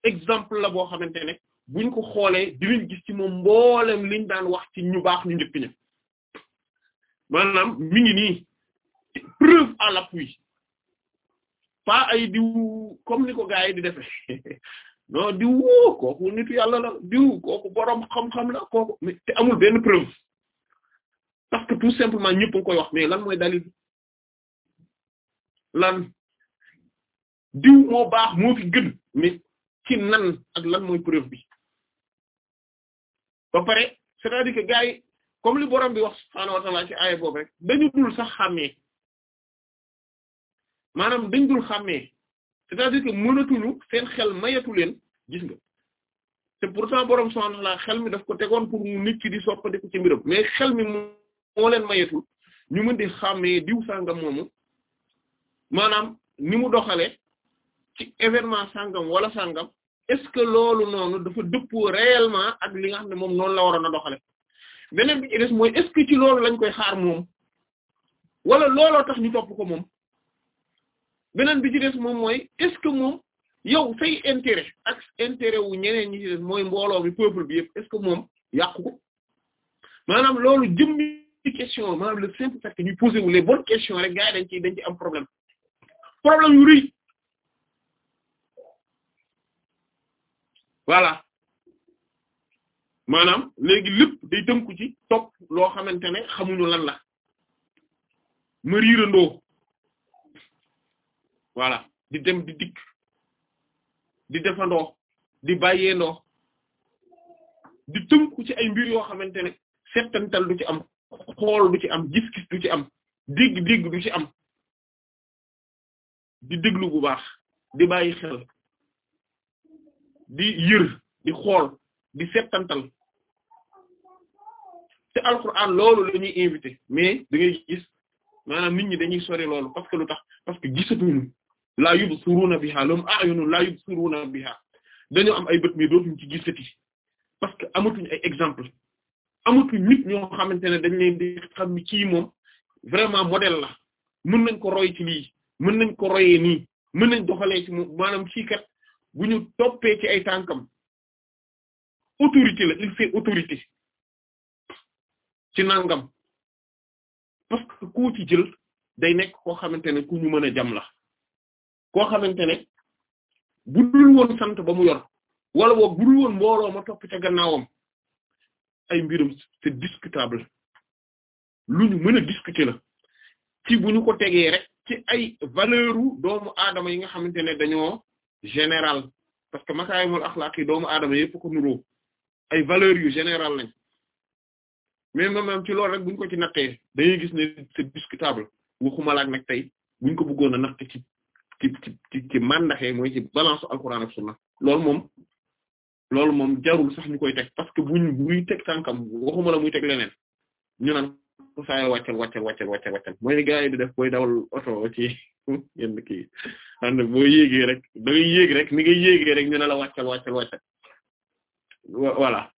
exemple la boo xamante ne buñ ko xoolee dinañ gis ci moom mboolem liñ daan wax ci ñu baax ñu njëkk ña maanaam mi ngi nii preuve à l'appui pas ay diw comme ni ko gars di defee (laughs) non diw woo kooku nitu yàlla la diw kooku boroom xam-xam la kooku mais te amul benn preuve parce que tout simplement ñëpp koy wax mais lan mooy dalil lan diw moo baax moo fi gën mais ci nan ak lan mooy preuve bi ba pare c'est-à-dire que gars yi li boroom bi wax subhaanahu wa ta'aala ci aaya boobu rek dañu dul sax xàmmee maanaam dañ dul xàmmee c'est-à-dire que mënatuñu seen xel mayeetu leen gis nga te pourtant borom subhaanahu la xel mi daf ko tegoon pour mu nit ki di soppandiku ci mbiram mais xel mi moo leen mayeetu ñu mën di xàmmee diw sàngam moomu maanaam ni mu doxalee ci événement sàngam wala sàngam est-ce que loolu noonu dafa dëppoo réellement ak li nga xam ne moom noonu la waroon a doxale beneen bi ci des mooy est-ce que ci loolu lañ koy xaar moom wala looloo tax ñu topp ko moom beneen bi ci des moom mooy est-ce que moom yow say intérêt ak intérêt wu ñeneen ñi ci mooy mbooloo bi peuple bi yëpp est-ce que moom yàqu ko maanaam loolu jëmmi question maanaam le simple fait que ñu poser wu les bonnes questions rek gars yi dañ ci am problème problème yu rëy voilà maanaam léegi lépp day tënku ci topp loo xamante ne xamuñu lan la ma riirandoo voilà di dem di dikk di defandoo di bàyyeendoo di tënku ci ay mbir yoo xamante ne settantal du ci am xool du ci am gis-gis du ci am dégg-dégg du ci am di déglu bu baax di bàyyi xel di yër di xool di settantal te alquran loolu la ñuy invité mais da ngay gis maanaam nit ñi dañuy sori loolu parce que lu tax parce que gisatuñu laa yubsuruna biha lahum a'yunun laa yubsuruna biha dañoo am ay bët mais dootuñ ci gisati parce que amatuñ ay exemple amatuñ nit ñoo xamante ne dañ leen di xam ni kii moom vraiment modèle la mën nañ ko roy ci lii mën nañ ko royee nii mën nañ doxalee ci moom maanaam kii kat bu ñu toppee ci ay tànkam autorité la il fait autorité ci nangam parce que ku ci jël day nekk koo xamante ne ku ñu mën a jam la koo xamante ne bu dul woon sant ba mu yor wala boog bu woon mbooloo ma topp ca gannaawam ay mbirum c'est discutable lu ñu mën a discuter la ci bu ñu ko tegee rek ci ay valeur u doomu aadama yi nga xamante ne dañoo général parce que makaarimul axlaaq yi doomu aadama yëpp ko nuroo ay valeur yu général lañ mais même ci lool rek buñ ko ci nattee dañuy gis ne c'est discutable waxuma laak nag tey buñ ko bëggoon a natt ci ci mandaxe mooy ci balance alquran ak sunna loolu moom loolu moom jarul sax ñu koy teg parce que buñ buy teg tànkam waxuma la muy teg leneen ñu naan ko saay wàccal wàccal wàccal wàccal wàccal yi di def booy dawal oto ci (laughs) yenn kii xam ne boo yéegee rek da ngay yéeg rek ni ngay yéegee rek ñu ne la wàccal wàccal wàccal voilà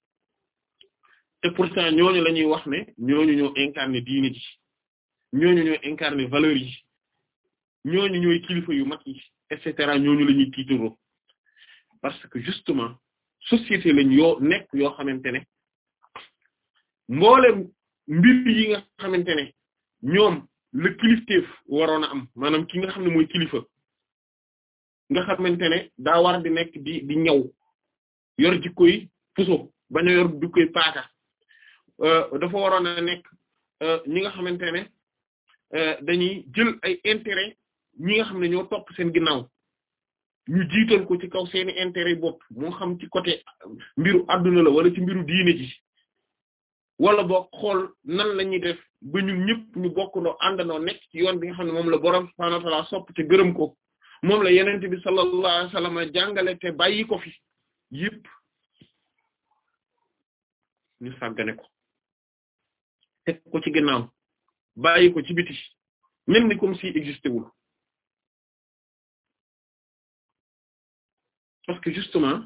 te pourtant ñooñu la ñuy wax ne ñooñu ñoo incarné diine ji ñooñu ñoo incarné valeur yi ñooñu ñooy kilifa yu mag yi et cetera ñooñu la ñuy tiitaroo parce que justement société lañ yoo nekk yoo xamante ne mboolem yi nga xamante ne ñoom la kilifteef waroon a am maanaam ki nga xam ne mooy kilifa nga xamante ne daa war di nekk di di ñaw yor jikkoy puso bañ a yor jikkoy paaka euh, dafa waroon a nekk euh, ñi nga xamante ne euh, dañuy jël ay intérêt ñi nga xam ne ñoo topp seen ginnaaw ñu jiital ko ci kaw seeni intérêt bopp moo xam ci côté mbiru adduna la wala ci mbiru diine ji wala boo xool nan la ñuy def ba ñun ñëpp ñu bokkandoo àndandoo nekk yoon bi nga xam ne moom la boroom subhaanahu wa ta'aala sopp gërëm ko moom la yenente bi sallallahu alayhi wa sallam jàngale te bàyyi ko fi yëpp ñu sàggane ko ko ci ginnaaw bàyyi ko ci biti mel ni comme si existé parce que justement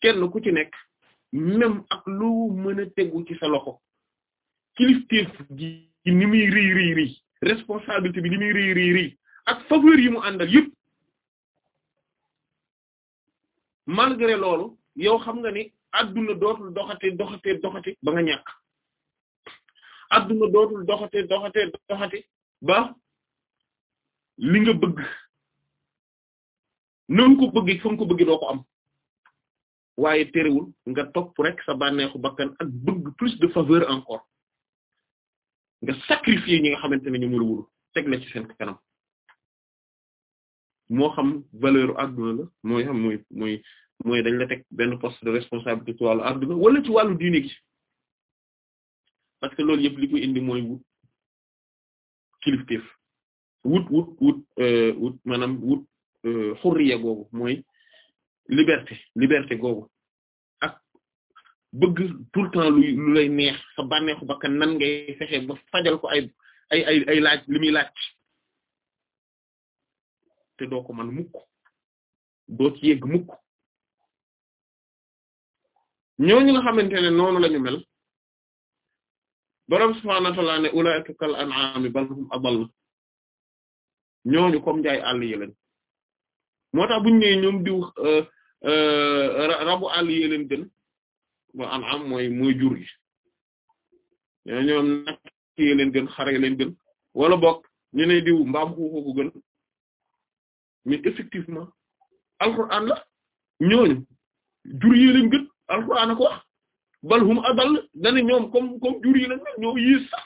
kenn ku ci nekk même ak lu mën a tegu ci sa loxo kilifteef gi ni muy rii rii rii responsabilité bi ni rii rii ak faveur yi mu àndal yëpp malgré loolu yow xam nga ni adduna dootul doxate doxate doxate ba nga ñàkk adduna dootul doxate doxate doxate ba li nga bëgg noonu ko bëgg fa nga ko bëgg doo ko am waaye terewul nga topp rek sa bànneexu bakkan ak bëgg plus de faveur encore nga sacrifier ñi nga xamante ne ñoom la wóolu teg la ci seen kanam moo xam valeur adduna la mooy xam mooy mooy mooy dañ la teg benn poste de responsabilité ci wàllu adduna wala ci wàllu diine gi parce que loolu yëpp li koy indi mooy wut kilifteef wut wut wut euh, wut maanaam wut Euh, xurriya googu mooy liberté liberté googu ak bëgg tout lu lay neex sa bànneexu bakkan nan ngay fexe ba fajal ko ay ay laaj li muy te doo ko mën mukk doo ñooñu nga xamante ne noonu lañu mel boroom subhaanahu wa ta'aala ne ulaa'ika kal an'aami bal hum ñooñu comme njaay àll yi moo tax bu ñu ñoom diw euh, euh, rabu àll yee leen gën ba am am mooy mooy jur gi ñoom nag yee leen gën xare leen gën wala bokk ñu ne diw mbaam xuuxu ko gën mais effectivement alxuraan la ñooñu jur leen gën alxuraan a ko wax bal hum adal dane ñoom comme comme jur yi ñoo yiis sax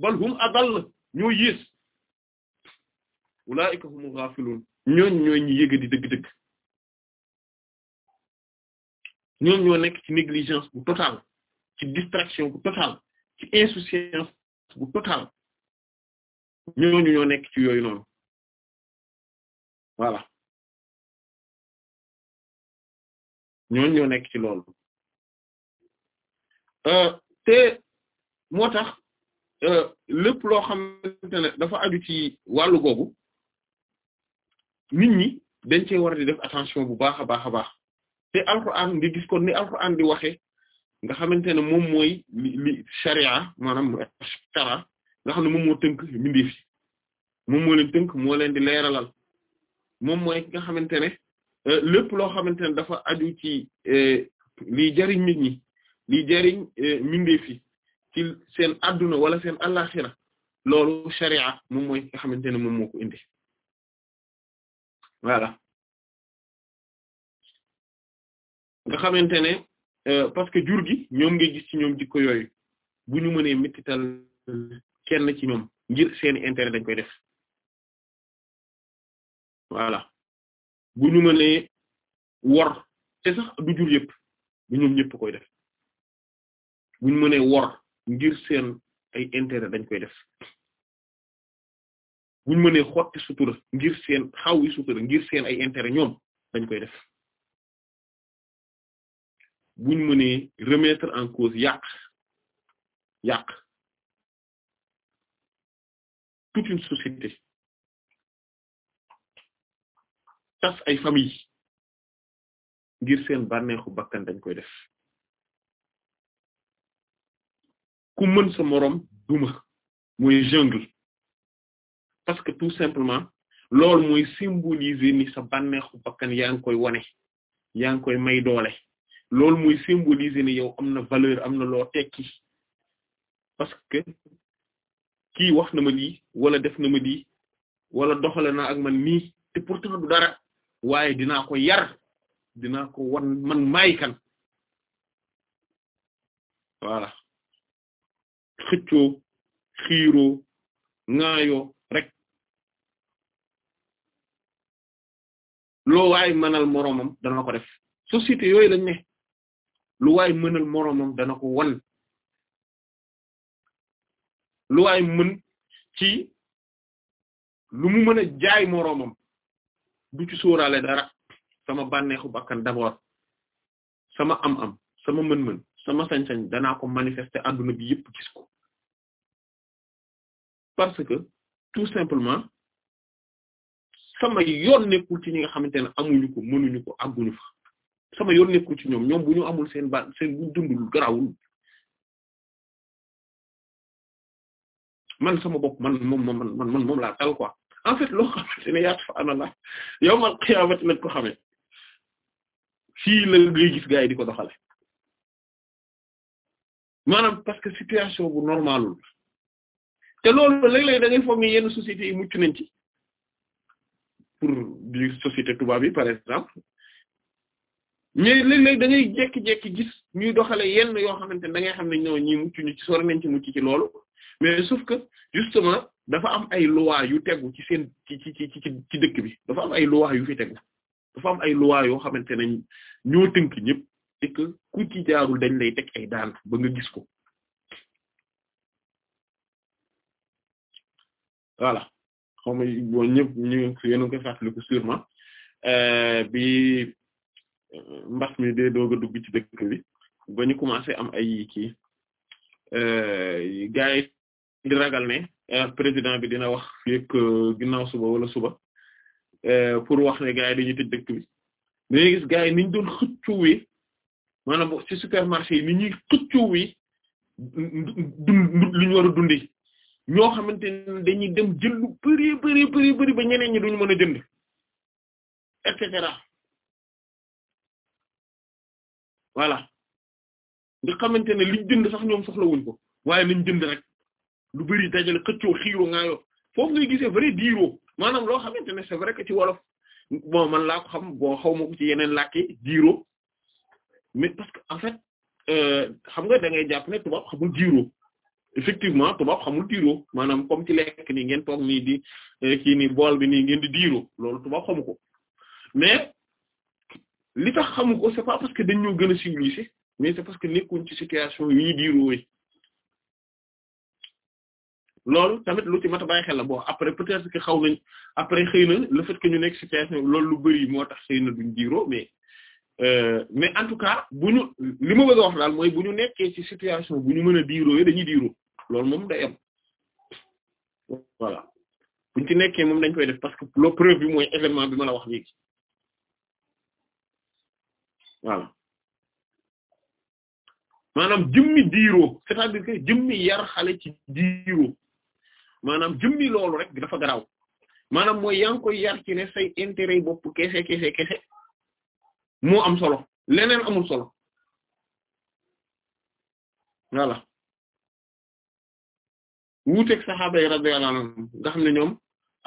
bal hum adal ñoo yiis ulaa'ika humu ghaafiluun ñooñ ñooy ñi di dëgg-dëgg ñoom ñoo nekk ci négligence bu totale ci distraction bu totale ci insouciance bu totale ñooñu ñoo nekk ci yooyu noonu voilà ñooñu ñoo nekk ci loolu euh, te moo tax euh, lépp loo xam ne dafa aju ci wàllu googu nit ñi dañ cee war di def attention bu baax a baax a baax te alxuraan di gis ko ni alxuraan di waxee nga xamante ne moom mooy li li sharia maanaam shara nga xam ne moom moo tënk mbindeef yi moom moo leen di leeralal moom mooy nga xamante ne euh, lépp loo xamante ne dafa aju ci euh, liy jariñ nit ñi liy jariñ euh, mbindeef yi ci seen adduna wala seen alaxira loolu sharia moom mooy nga xamante ne moom moo ko indi voilà nga xamante ne euh, parce que jur gi ñoom ngay gis ci ñoom jikko yooyu bu ñu mënee mettital kenn ci ñoom ngir seeni intérêt dañ koy def voilà bu ñu mënee wor te sax du jur yëpp bu ñoom ñëpp koy def ñu mënee wor ngir seen ay intérêt dañ koy def buñ mënee xotti sutura ngir seen xaw yi sutura ngir seen ay intérêt ñoom dañ koy def buñ mënee remettre en cause yàq yàq toute une société tas ay famille ngir seen bànneexu bakkan dañ koy def ku mën moroom duma mooy jungle parce que tout simplement loolu mooy symboliser ni sa bànneexu bakkan yaa ngi koy wone yaa ngi koy may doole loolu mooy symboliser ni yow am na valeur am na loo tekki parce que kii wax na ma lii wala def na ma lii wala doxale na ak man nii te pourtant du dara waaye dinaa ko yar dinaa ko wan man maay kan voilà xëccoo xiiroo ŋaayoo loo waay mënal moroomam dana ko def société yooyu lañ ne lu waay mënal moroomam dana ko wan lu waay mën ci lu mu mën a jaay moroomam du ci sóoraale dara sama bànneexu bakkan d'abord sama am-am sama mën-mën sama sañ-sañ danaa ko manifester adduna bi yëpp gis parce que tout simplement sama yoon nekkul ci ñi nga xamante ne amuñu ko mënuñu ko àgguñu fa sama yoon nekkul ci ñoom ñoom bu ñu amul seen ba seen bu dundul garawul man sama bopp man moom man man moom laa tal quoi en fait loo xamante ne yaatu fa ana la yawmal qiyaamati lañ ko xamee fii la ngay gis gars yi di ko doxale maanaam parce que bu normalul te loolu léeg-léeg da ngay foog ni yenn sociétés yi mucc nañ ci pour di société tubaab yi par exemple mais léeg-léeg da jékki-jékki gis ñuy doxale yenn yoo xamante ne da xam ne ñoo ñi mucc ñu ci sori nañ ci mucc ci loolu mais sauf que justement dafa am ay lois yu tegu ci seen ci ci ci dëkk bi dafa am ay lois yu fi tegu dafa am ay lois yoo xamante ne ñoo tënk ñépp et ku ci jaarul dañ lay teg ay daan ba nga gis ko voilà xaw ma boo ñëpp ñu yéen a ngi koy fàttaliku bi mbas mi dee doog a dugg ci dëkk bi ba ñu commencé am ay kii gars yi di ragal ne président bi dina wax fekk ginnaaw suba wala suba pour wax ne gars yi dañuy tëj dëkk bi dañuy gis gars yi niñ doon xëccuwee maanaam ci supermarché yi ni ñuy xëccuwee dund li ñu war a dundi ñoo xamante ne dañuy dem jël lu bëri bëri bëri bëri ba ñeneen ñi duñu mën a jënd et cetera voilà nga xamante ne liñ jënd sax ñoom soxlawuñ ko waaye nañ jënd rek lu bëri dajale xëccoo xiiroo ngaayoo foofu ngay gisee vrai diiroo maanaam loo xamante ne c'est vrai que ci wolof bon man xam bon xaw ma ko ci yeneen làkk yi diiroo mais que en fait euh, xam nga da ngay jàpp ne tubaab xamul effectivement tubaab xamul tiiroo maanaam comme ci lekk ni ngeen toog nii di eh, kii nii bool bi nii ngeen di diiroo loolu tubaab xamu ko mais li tax xamu ko c'est pas parce que dañ ñoo gën a si mais c'est parce que nekkuñ ci situation yi diiroo yi loolu tamit lu ci mat a bàyyi xel la bon après peut-être xaw nañ après xëy na le fait ñu nekk situation loolu lu bari moo tax xëy na duñ diiroo mais Euh, mais en tout cas bu ñu li ma bëgg a wax daal mooy bu ñu nekkee ci situation bu ñu mën a diiroo dañuy diiroo loolu moom da am voilà buñ ci nekkee moom dañ koy def parce que le preuve bi mooy événement bi ma la wax léegi voilà maanaam jëmmi diiroo c'est-à-dire que jëmmi yar xale ci diiroo maanaam jëmmi loolu rek dafa garaaw maanaam mooy yaa ngi koy yar ci ne say intérêt yi bopp kese kese kese am solo leneen amul solo voilà wuuteeg saxaaba yi radiyallahu anhum nga ñoom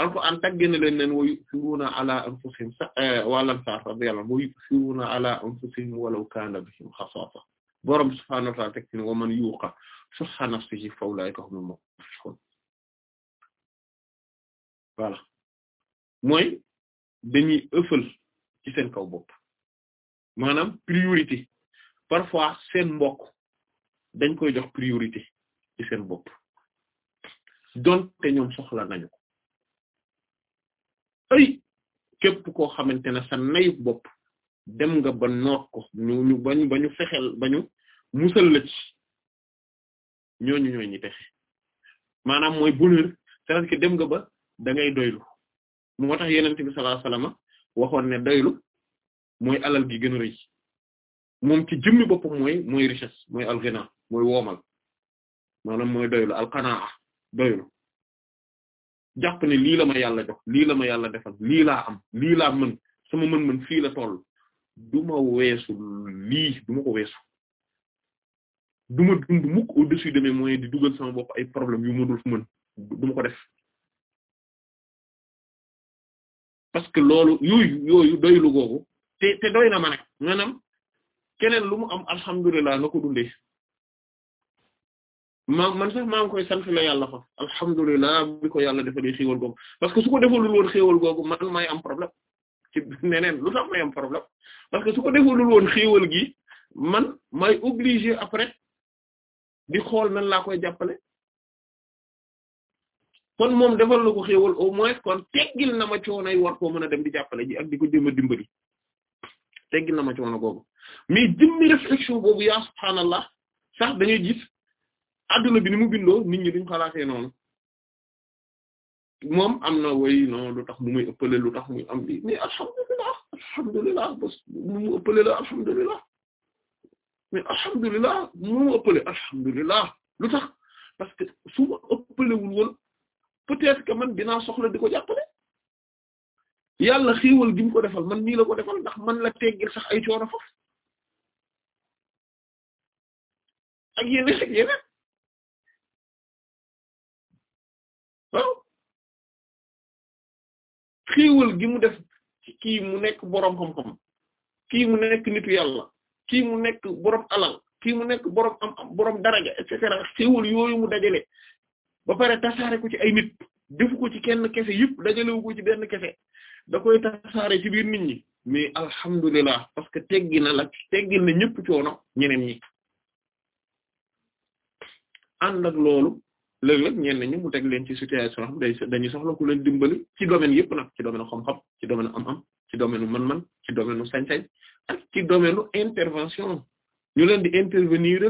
alquran tàgge na leen leen wa yusiruna ala anfusihim eh, wal ansar radiyallahu anhum wa yusiruna ala anfusihim walaw kana bihim xasaasa borom subhaanahu wa ta'ala teg ci ne wa man yuqa shuhha nafsihi fa ulaika humul muflihun voilà mooy dañuy ëffal ci seen kaw bopp maanaam priorité parfois seen mbokk dañ koy jox priorité ci seen bopp donte ñoom soxla nañu ay képp koo xamante ne sa nayub bopp dem nga ba noot ko ñu ñu bañu ba ñu ñu musal la ci ñooñu ñooy ñi mooy bonheur cest à dem nga ba da ngay doylu moo tax yenent bi sallallahu alayhi wasallam waxoon ne doylu mooy alal gi gën a rëy moom ci jëmmi boppam mooy mooy richesse mooy alghina mooy woomal maanaam mooy doylu alqanaa doy na jàpp ne lii ma yàlla jox lii la ma yàlla defal lii laa am lii laa mën sama mën-mën fii la toll du ma weesu lii du ma ko weesu du ma dund mukk au-dessus de mes moyens di dugal sama bopp ay problème yu ma dul mën du ma ko def parce que loolu yooyu yooyu doylu googu te te doy ma nag maanaam keneen lu mu am alhamdulilah na ko dundee maa man sax maa ngi koy sant la yàlla fa alhamdulilah bi ko yàlla defalee xéewal googu parce que su ko defalul woon xéewal googu man may am problème (laughs) ci lu tax may am problème ko defalul woon xéewal gi man may obligé après di xool nan laa koy jàppale kon moom defal la ko xéewal au moins kon teggil na ma coono yi war koo mën a dem di jàppale ji ak di ko jëm a dimbali na ma coono googu mais jëmmi réflexion boobu yaa subhaanallah sax dañuy gis. adduna bi ni mu bindoo nit ñi duñ xalaatee noonu moom am na way non lu tax mu muy ëppale lu tax muy am bi mais mu mu ëppale la alhamdulilah mais alhamdulilah mu mu ëppale alhamdulilah lu tax parce que su ma ëppalewul woon peut-être que man dinaa soxla di ko jàppale yàlla xiiwal gi ko defal man nii la ko defal ndax man la teggil sax ay coono foofu ah xiiwal gi mu def kii mu nekk boroom xam-xam ki mu nekk nitu yàlla kii mu nekk boroom alal kii mu nekk boroom am am boroom daraja et cetera xiiwal yooyu mu dajale ba pare tasaare ko ci ay nit defu ko ci kenn kese yëpp dajalewu ko ci benn kese da koy tasaare ci biir nit ñi mais alhamdulilah parce que teggi na la teggi na ñëpp coono ñeneen ñi ànd loolu léeg-léeg ñenn ñi mu teg leen ci situation xam day dañuy soxla ku leen dimbali ci domaine yëpp nag ci domaine xam-xam ci domaine am-am ci domaine mën-mën ci domaine sañ-sañ ak ci domaine intervention ñu leen di intervenir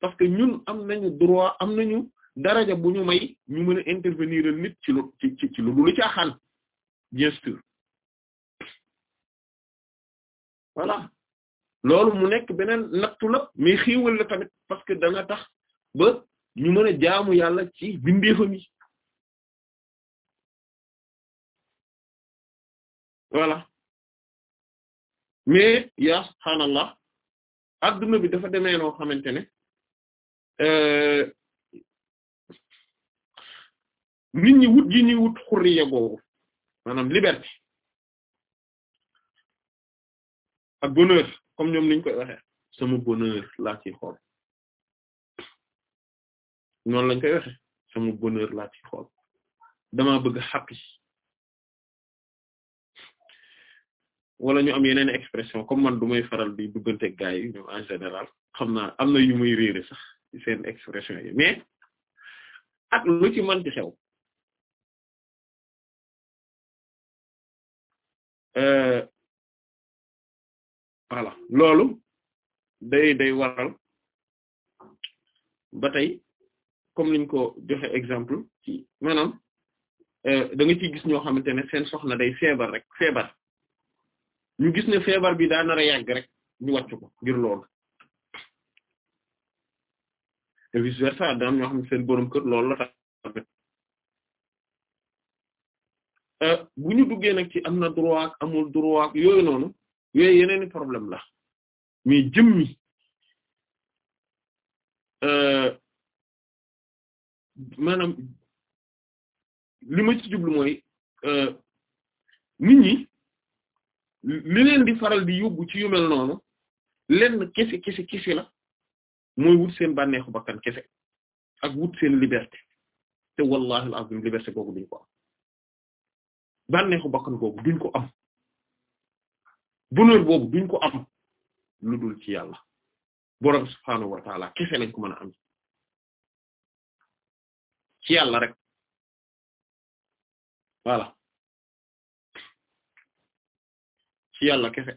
parce que ñun am nañu droit am na ñu daraja bu ñu may ñu mën a intervenir nit ci lu ci ci lu lu caaxaan bien sûr loolu mu nekk beneen nattu la mais xiiwal la tamit parce que dana tax ba. ñu mën jaamu yàlla ci bindeefam yi voilà mais yaa subhaanallah adduna bi dafa demee noo xamante ne euh, nit ñi wut gi ñuy wut xurriya googu maanaam liberté ak bonheur comme ñoom niñ koy waxee sama bonheur laa ciy xool noonu lañ koy waxe sama bonheur laa ci xool dama bëgg happy wala ñu am yeneen expression comme man du may faral di duggante gaa yi ñoom en xam naa am na yu muy réere sax seen expression yi mais ak lu ci mën ci xew euh, voilà loolu day day waral ba tey comme niñ ko joxe exemple ci euh, danga ci gis ñoo xamante ne seen soxna day feebar rek feebar ñu gis ne feebar bi daa nar a yàgg rek ñu wàcc ko ngir lool et vice ñoo xam ne seen kër loolu la tax euh, bu duggee nag ci am na droit amul droit yooyu noonu yooyu yeneeni problème la mais jëmmi euh, maanaam li ma ci jublu mooy euh, nit ñi li leen di faral di yóbbu ci yu noonu lenn kese kese kese la mooy wut seen bànneexu bakkan kese ak wut seen liberté te wallahi alazim liberté googu duñ ko am bànneexu bakkan googu duñ ko am bonheur boobu duñ ko am lu dul ci yàlla borom subhaanahu wa kese lañ ko mën a am ci yàlla rek voilà ci yàlla kese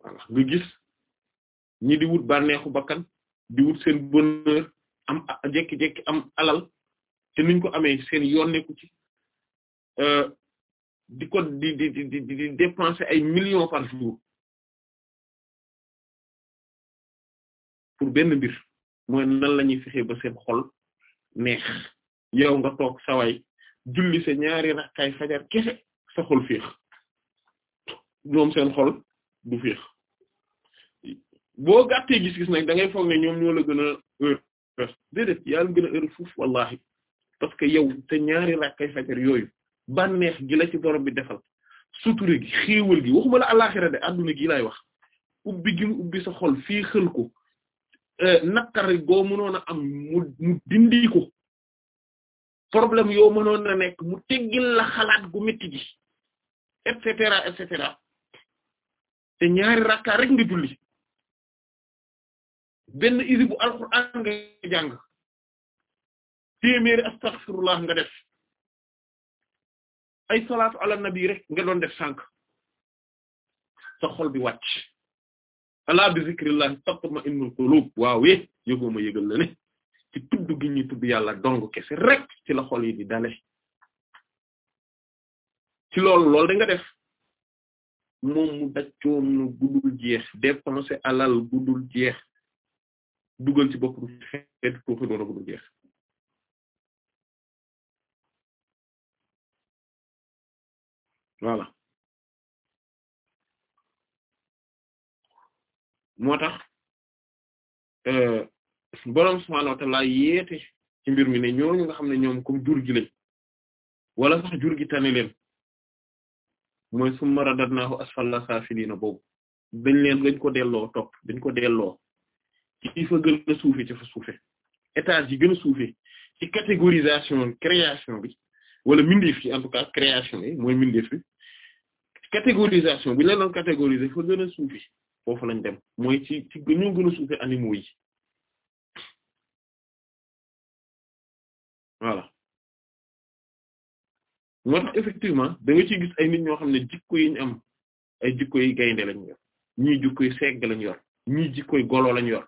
voilà nga gis ñi di wut bànneexu bakkan di wut seen bonheur am jekki-jekki am alal te niñ ko amee seen yoon nekku ci euh, di ko di di di di dépenser ay millions par jour pour benn mbir mooy nan la ñuy fexe ba seen xol neex yow nga toog saway julli sa ñaari rakkaay fajar kese sa xol féex ñoom seen xol du féex boo gàttee gis-gis nag da ngay foog ne ñoom ñoo la gën a heure yàlla gën a heure fuuf wallahi parce que yow te ñaari rakkay fajar yooyu bànneex gi la ci borom bi defal suture gi xéewal gi waxuma la àllaxira de adduna gi laay wax ubbi gi mu ubbi sa xol fii xël Euh, naqar goo mënoon am mu dindi ko problème yoo na nekk mu teggil la xalaat gu métti gi et cetera et cetera te ñaari rakka rek nga julli benn isi bu alxuraan nga jàng téeméeri astaghfirullah nga def ay salaatu ala nabi rek doon def sànq sa xol bi wàcc alaa bi zikrillah tatma innul qulub waawee yëgooma yëgal la ne ci tudd gi ñuy tudd yàlla dong kese rek ci la xol yi di dale ci loolu loolu da def moom mu daccoon na gudul jeex dépenser alal gudul jeex dugal ci bopp du xeet ko xidoo na jeex voilà moo tax euh, boroom subhaanahu wa ta'aala yéete ci mbir mi ne ñooñu nga xam ne ñoom comme jur gi lañ wala sax jur gi tane leen mooy summa radadnaahu asfala saafiliina boobu dañ leen dañ ko delloo top dañ ko delloo ci fa gën a suufe ci fa suufe étage yi gën a suufe ci catégorisation création bi wala mindeef yi en tout cas création yi mooy mindeef bi catégorisation bi ñu leen doon catégoriser fa gën foofu lañ dem mooy ci ci ñoo gën a suufee yi voilà moo tax effectivement da nga gis ay nit ñoo xam ne jikko yi am ay jikko yi gaynde lañ yor ñii jikkoy segg lañ yor ñii jikkoy golo lañ yor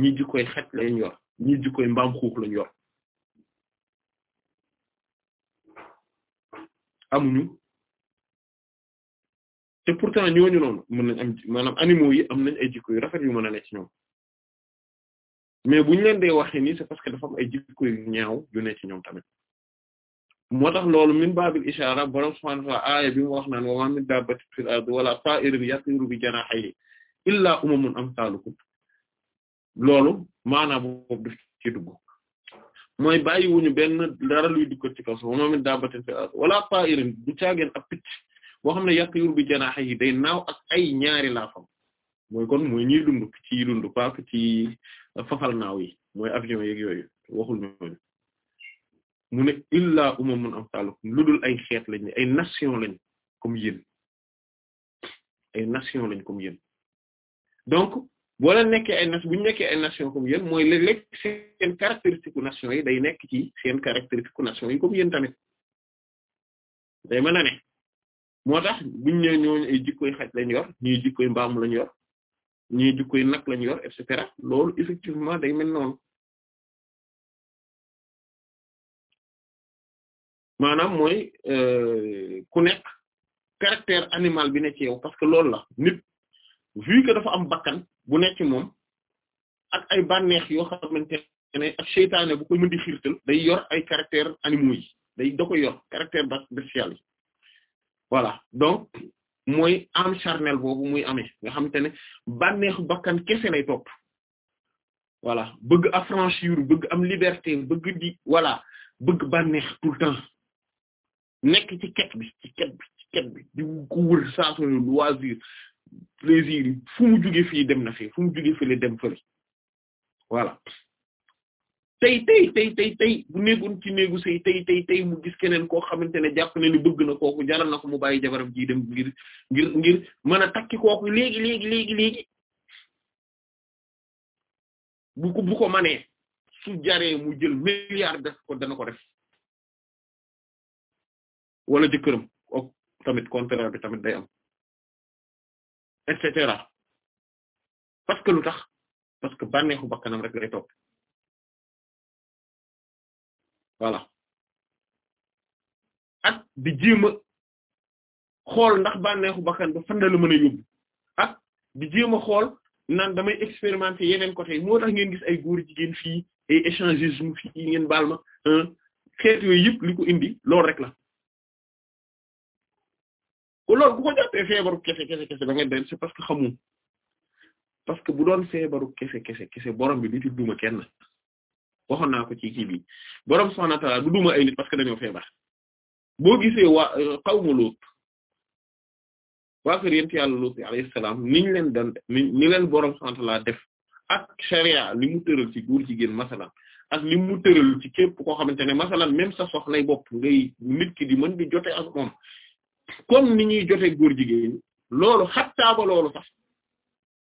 ñii jikkoy xaj lañ yor ñii jikkoy mbaam xuux lañ yor amuñu te pourtant ñooñu noonu mën nañ am maanaam animaux yi am nañ ay jikko yu rafet yu mën a ne ci ñoom mais bu ñu leen dee waxee nii c'est parce que dafa ay jikko yu ñaaw yu ne ci ñoom tamit moo tax loolu min baabil ishaara borom subhaanahu wa ta'aala aaya bi mu wax naan wa maa min daabbatin fil ardi wala taa'irin yatiiru bi janaahihi illaa umamun amsaalukum loolu maanaam boobu daf ci dugg mooy bàyyi wuñu benn dara luy dugg ci caageen ab picc boo xam ne yaqiru bi janahihi day naaw ak ay ñaari laafam mooy kon mooy ñiy dund ci yi dund naaw yi mooy avion yeeg yooyu waxul ila mu ne illaa umamun lu dul ay xeet lañ ne ay nation lañ comme yéen ay nation lañ comme yéen donc boo leen nekkee ay nation bu ñu nekkee ay nation comme yéen mooy léeg-léeg seen caractéristique nation yi day nekk ci seen caractéristique u nation yi comme yéen tamit day mën a ne moo tax buñ ne ñooñu ay jikkoy xaj lañ yor ñii jikkoy mbaamu lañ yor ñii jikkoy nag lañ yor et cetera loolu effectivement day na noonu maanaam mooy euh, ku nekk caractère animal bi ne ci yow parce que loolu la nit vu que dafa am bakkan bu nekk ci moom ak ay bànneex yoo xamante ne ak seytaane bu koy mën di day yor ay caractère animaux yi day da koy yor caractère bestial yi voilà donc mooy am charnel boobu muy amee nga xamante ne bànneexu bakkan kese lay topp voilà bëgg affranchir bëgg am liberté bëgg di voilà bëgg bànneex tout le temps nekk ci ket bi ci ket bi ci ket bi di ko wër saaso loisir plaisir yi fu mu jóge fii dem na fii fu mu jóge fële voilà tey tey tey tey bu néegoon ci néegu sëy tey tey mu gis keneen koo xamante ne jàpp na ni bëgg na kooku jaral na ko mu bàyyi jabaram ji dem ngir ngir ngir mën a takki kooku léegi léegi léegi léegi bu ko bu ko su jaree mu jël milliard def ko dana ko def wala jëkkëram ok tamit contraire bi tamit day am et cetera parce que lu tax parce que bànneexu bakkanam rek lay topp voilà ak di jéem a xool ndax bànneexu bakkan ba fan la mën a yóbbu ak di jéem a xool naan damay expérimenter yeneen côté moo tax ngeen gis ay góor jigéen fii ay échangisme fii ngeen baal ma xeet yooyu yëpp li ko indi loolu rek la ko loolu bu ko jàppee feebaru kese kese kese da nga den c'est parce que xamul parce que bu doon feebaru kese kese kese borom bi du ci duma kenn waxoon naa ko ci kii bi borom subhaanahu wa ta'aala du duma ay nit parce que dañoo feebar boo gisee waa xawma euh, Luut waa kër yent yàlla Luut alayhi salaam niñ leen daan ni leen borom subhaanahu wa ta'aala def ak sharia li mu tëral ci góor jigéen masalan ak li mu tëral ci képp koo xamante ne masalan même sa soxlay bopp ngay nit ki di mën di jote ak moom comme ni ñuy jote góor jigéen loolu xattaa ba loolu sax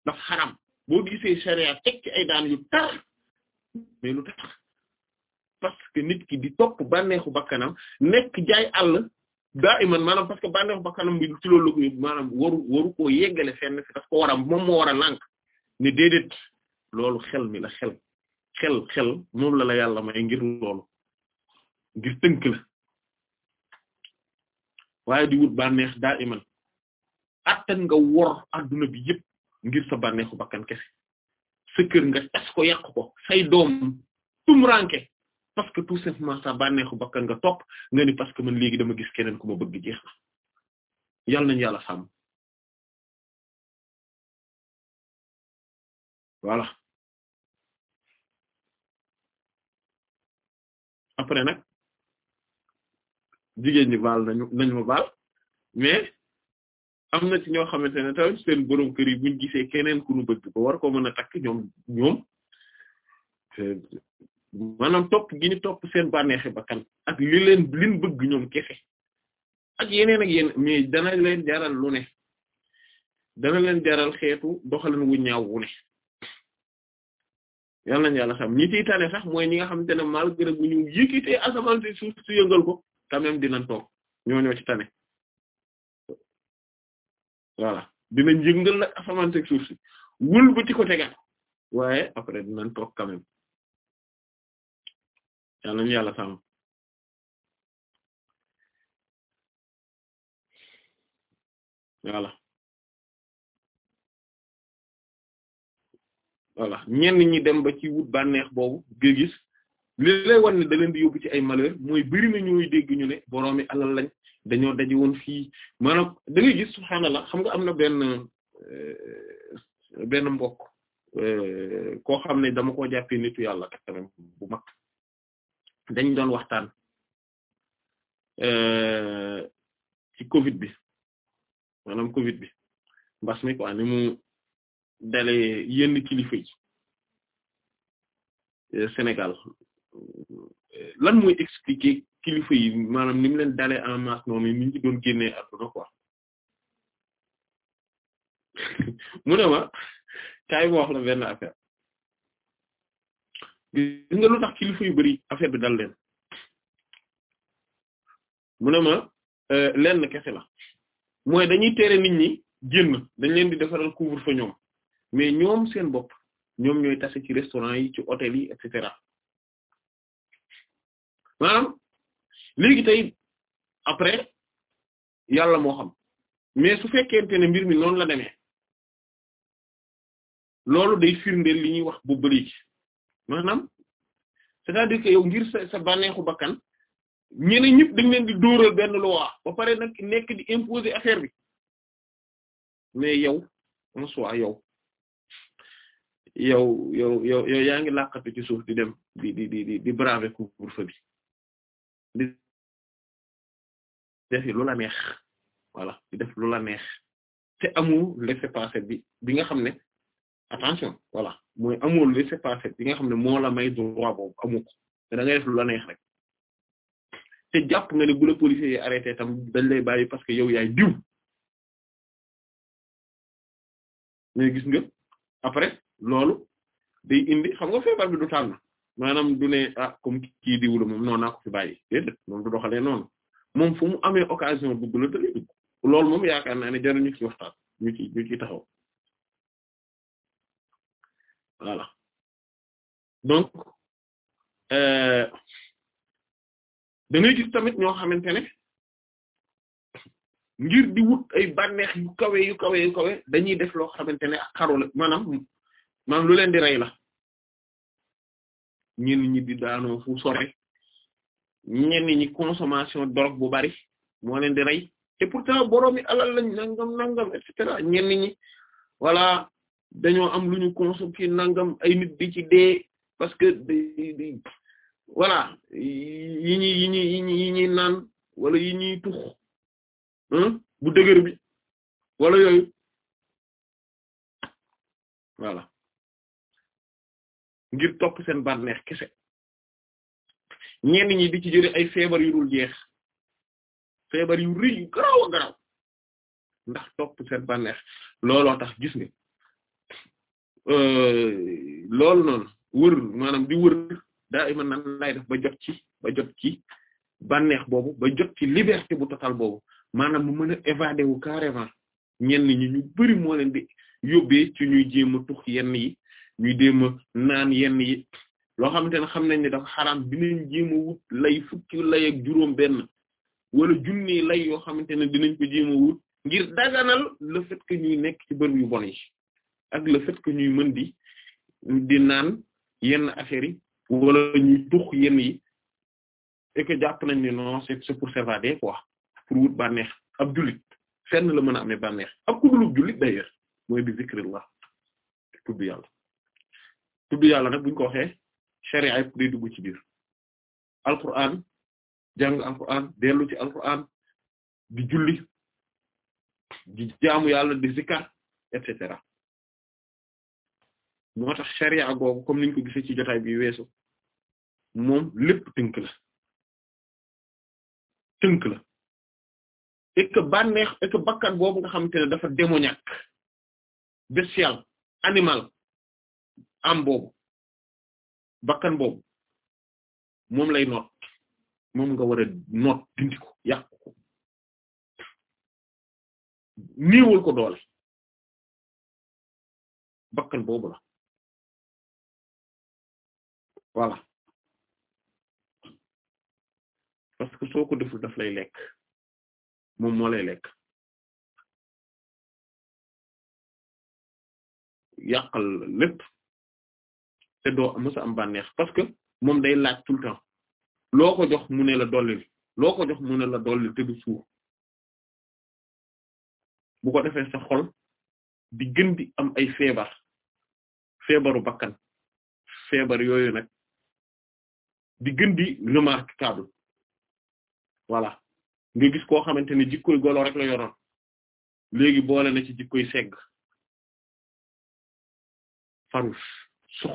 dafa xaram boo gisee sharia teg ci ay daan yu tar mais lu tax parce que nit ki di topp bànneexu bakkanam nekk jaay àll daa iman maanaam parce que bànneexu bakkanam bi ci loolu la maanaam waru waru loolu xel mi la xel xel xel moom la la yàlla may ngir loolu ngir tënk la waaye di wut bànneex daa iman attan nga wor adduna bi yëpp ngir sa bànneexu bakkan kese sa kër nga tas ko yàq ko say doom tumranke parce que tout simplement sa bànneexu bakkan nga topp nga ni parce que man léegi dama gis keneen ku ma bëgg jeex na yàlla nañu yàlla sàmm après nag jigéen ñi baal nañu nañu ma baal mais am na ci ñoo xamante ne tamit seen borom kër yi gisee keneen ku ñu bëgg ba war ko mën a takk ñoom ñoom maanaam topp gi ñu topp seen bànneexe bakkan ak li leen bëgg ñoom kese ak yeneen ak yeneen mais dana leen jaral lu ne dana leen jaral xeetu doxalin wu ñaaw wu ne yal yàlla xam ñi ciy tane sax mooy ñi nga xamante ne malgré bu ñu yëkkitee asamaan su yëngal ko quand même dinañ toog ñoo voilà dinañ yëngal nag asamaan teg suuf si wëlbati ko tegaat waaye après dinañ toog quand même yàlla nañu yàlla sàmm voilà voilà ñenn ñi dem ba ci wut bànneex boobu nga gis li lay wan ne da ay malheur mooy bëri na ñooy dégg ñu ne boroomi alal lañ dañoo daje woon fii maanaam da ngay gis subhaanallah xam nga am na benn euh, benn mbokk euh, koo xam ne dama koo jàppee nitu yàlla tamit dañ doon waxtaan euh, ci Covid bi manam Covid bi mbas mi quoi mu dalee yenn kilifa Sénégal Euh, lan mooy expliquer kilifa yi maanaam ni leen dalee en masse noonu ni ñu ci doon génnee adduna quoi (laughs) mu ma kaay ma wax benn affaire nga lu tax kilifa bari affaire bi dal leen mu ne ma euh, lenn kese la mooy dañuy tere nit ñi génn dañ leen di defaral couvre-feu ñoom mais ñoom seen bopp ñoom ñooy tase ci restaurant yi ci hôtel yi et cetera. maanaam léegi tey après yàlla moo xam mais su fekkente ne mbir mi noonu la demee loolu day firndeel li ñuy wax bu bëri maanaam c'est-à-dire que yow ngir sa sa bànneexu bakkan ñeneen ñëpp dañ leen di dóoral benn loi ba pare nag nekk di imposer affaire bi mais yow en soi yow yow yow yow yow yaa ngi làqatu ci suuf di dem di di di di braver couvre-feu di defi lu la neex voilà def lu neex te amul laisser-passer bi bi nga xam ne attention voilà mooy amul laisser-passer bi nga xam ne moo la may droit boobu amu ko te da ngay def lu neex rek te jàpp nga ne policier yi arrêté tam dañ lay bàyyi parce que yow yaay diw mais gis nga après loolu day indi xam nga feebar bi du tànn maanaam du ne ah comme kii diwlu moom noonu naa ko fi bàyyi déedéet moom du doxalee noonu moom fo mu amee occasion dugg la dalay dugg loolu moom yaakaar naa ne jaru ñu ci waxtaan ñu ci ñu ci donc euh, da ngay gis tamit ñoo xamante ne ngir di wut ay bànneex yu kawe yu kawe dañuy def loo xamante ne ak xaru la maanaam maanaam lu leen di rey la ñenn ñi di daanoo fu sore ñenn consommation drogue bu bari moo leen di rey te pourtant boroomi alal nangam nangam et cetera ñenn ñi dañoo am lu ñu consommé nangam ay nit di ci dee parce que di voilà yi naan wala yi ñuy tux bu dëgër bi wala yooyu voilà ngir topp seen bànneex kese ñenn ñi di ci jëlee ay feebar yu dul jeex feebar yu rëy yu garaaw a ndax topp seen bànneex looloo tax gis nga euh, lool noonu wër maanaam di wër daa iman nan lay def ba jot ci ba jot ci bànneex boobu ba jot ci liberté bu total boobu maanaam mu mën a évader wu carrément ñenn ñi ñu bari moo leen di yóbbee ci ñuy jéem a tux yenn yi ñuy déem naan yenn yi loo xamante ne xam nañ ne dafa xaraam dinañ jéem a wut lay fukki lay ak juróom benn wala junni lay yoo xamante ne dinañ ko jéem a wut ngir daganal le fait que ñuy nekk ci bërëb yu bon yi ak le fait que ñuy mën di di naan yenn affaires yi wala ñuy tux yenn yi et que jàpp nañ ne non c'est pour s'évader quoi pour wut bànneex ab jullit fenn la mën a amee bànneex ak ku dulub jullit d'ailleurs mooy bi zikrillah yàlla tudd yàlla nag buñ ko waxee sharia yëpp day dugg ci biir alquran jàng alquran dellu ci alquran di julli di jaamu yàlla di zikar et cetera moo tax sharia googu comme niñ ko gisee ci jotaay bi weesu moom lépp tënk la tënk la et bànneex et que bakkan boobu nga xamante ne dafa démoniaque bestial animal am boobu bakkan boobu moom lay noot moom nga war a noot dindi ko yàq ko niiwul ko doole bakkan boobu la voilà parce que soo ko deful daf lay lekk moom moo lay lekk yàqal lépp te doo mësa am bànneex parce que moom day laaj tout le loo ko jox mu la dollil loo la dollil te du suur bu ko defee sa xol di gën di am ay feebar feebaru bakkan feebar yooyu nag di gën di remarquable voilà nga gis koo xamante ne jikkoy golo rek la yoroon léegi boole na ci jikkoy segg farouche su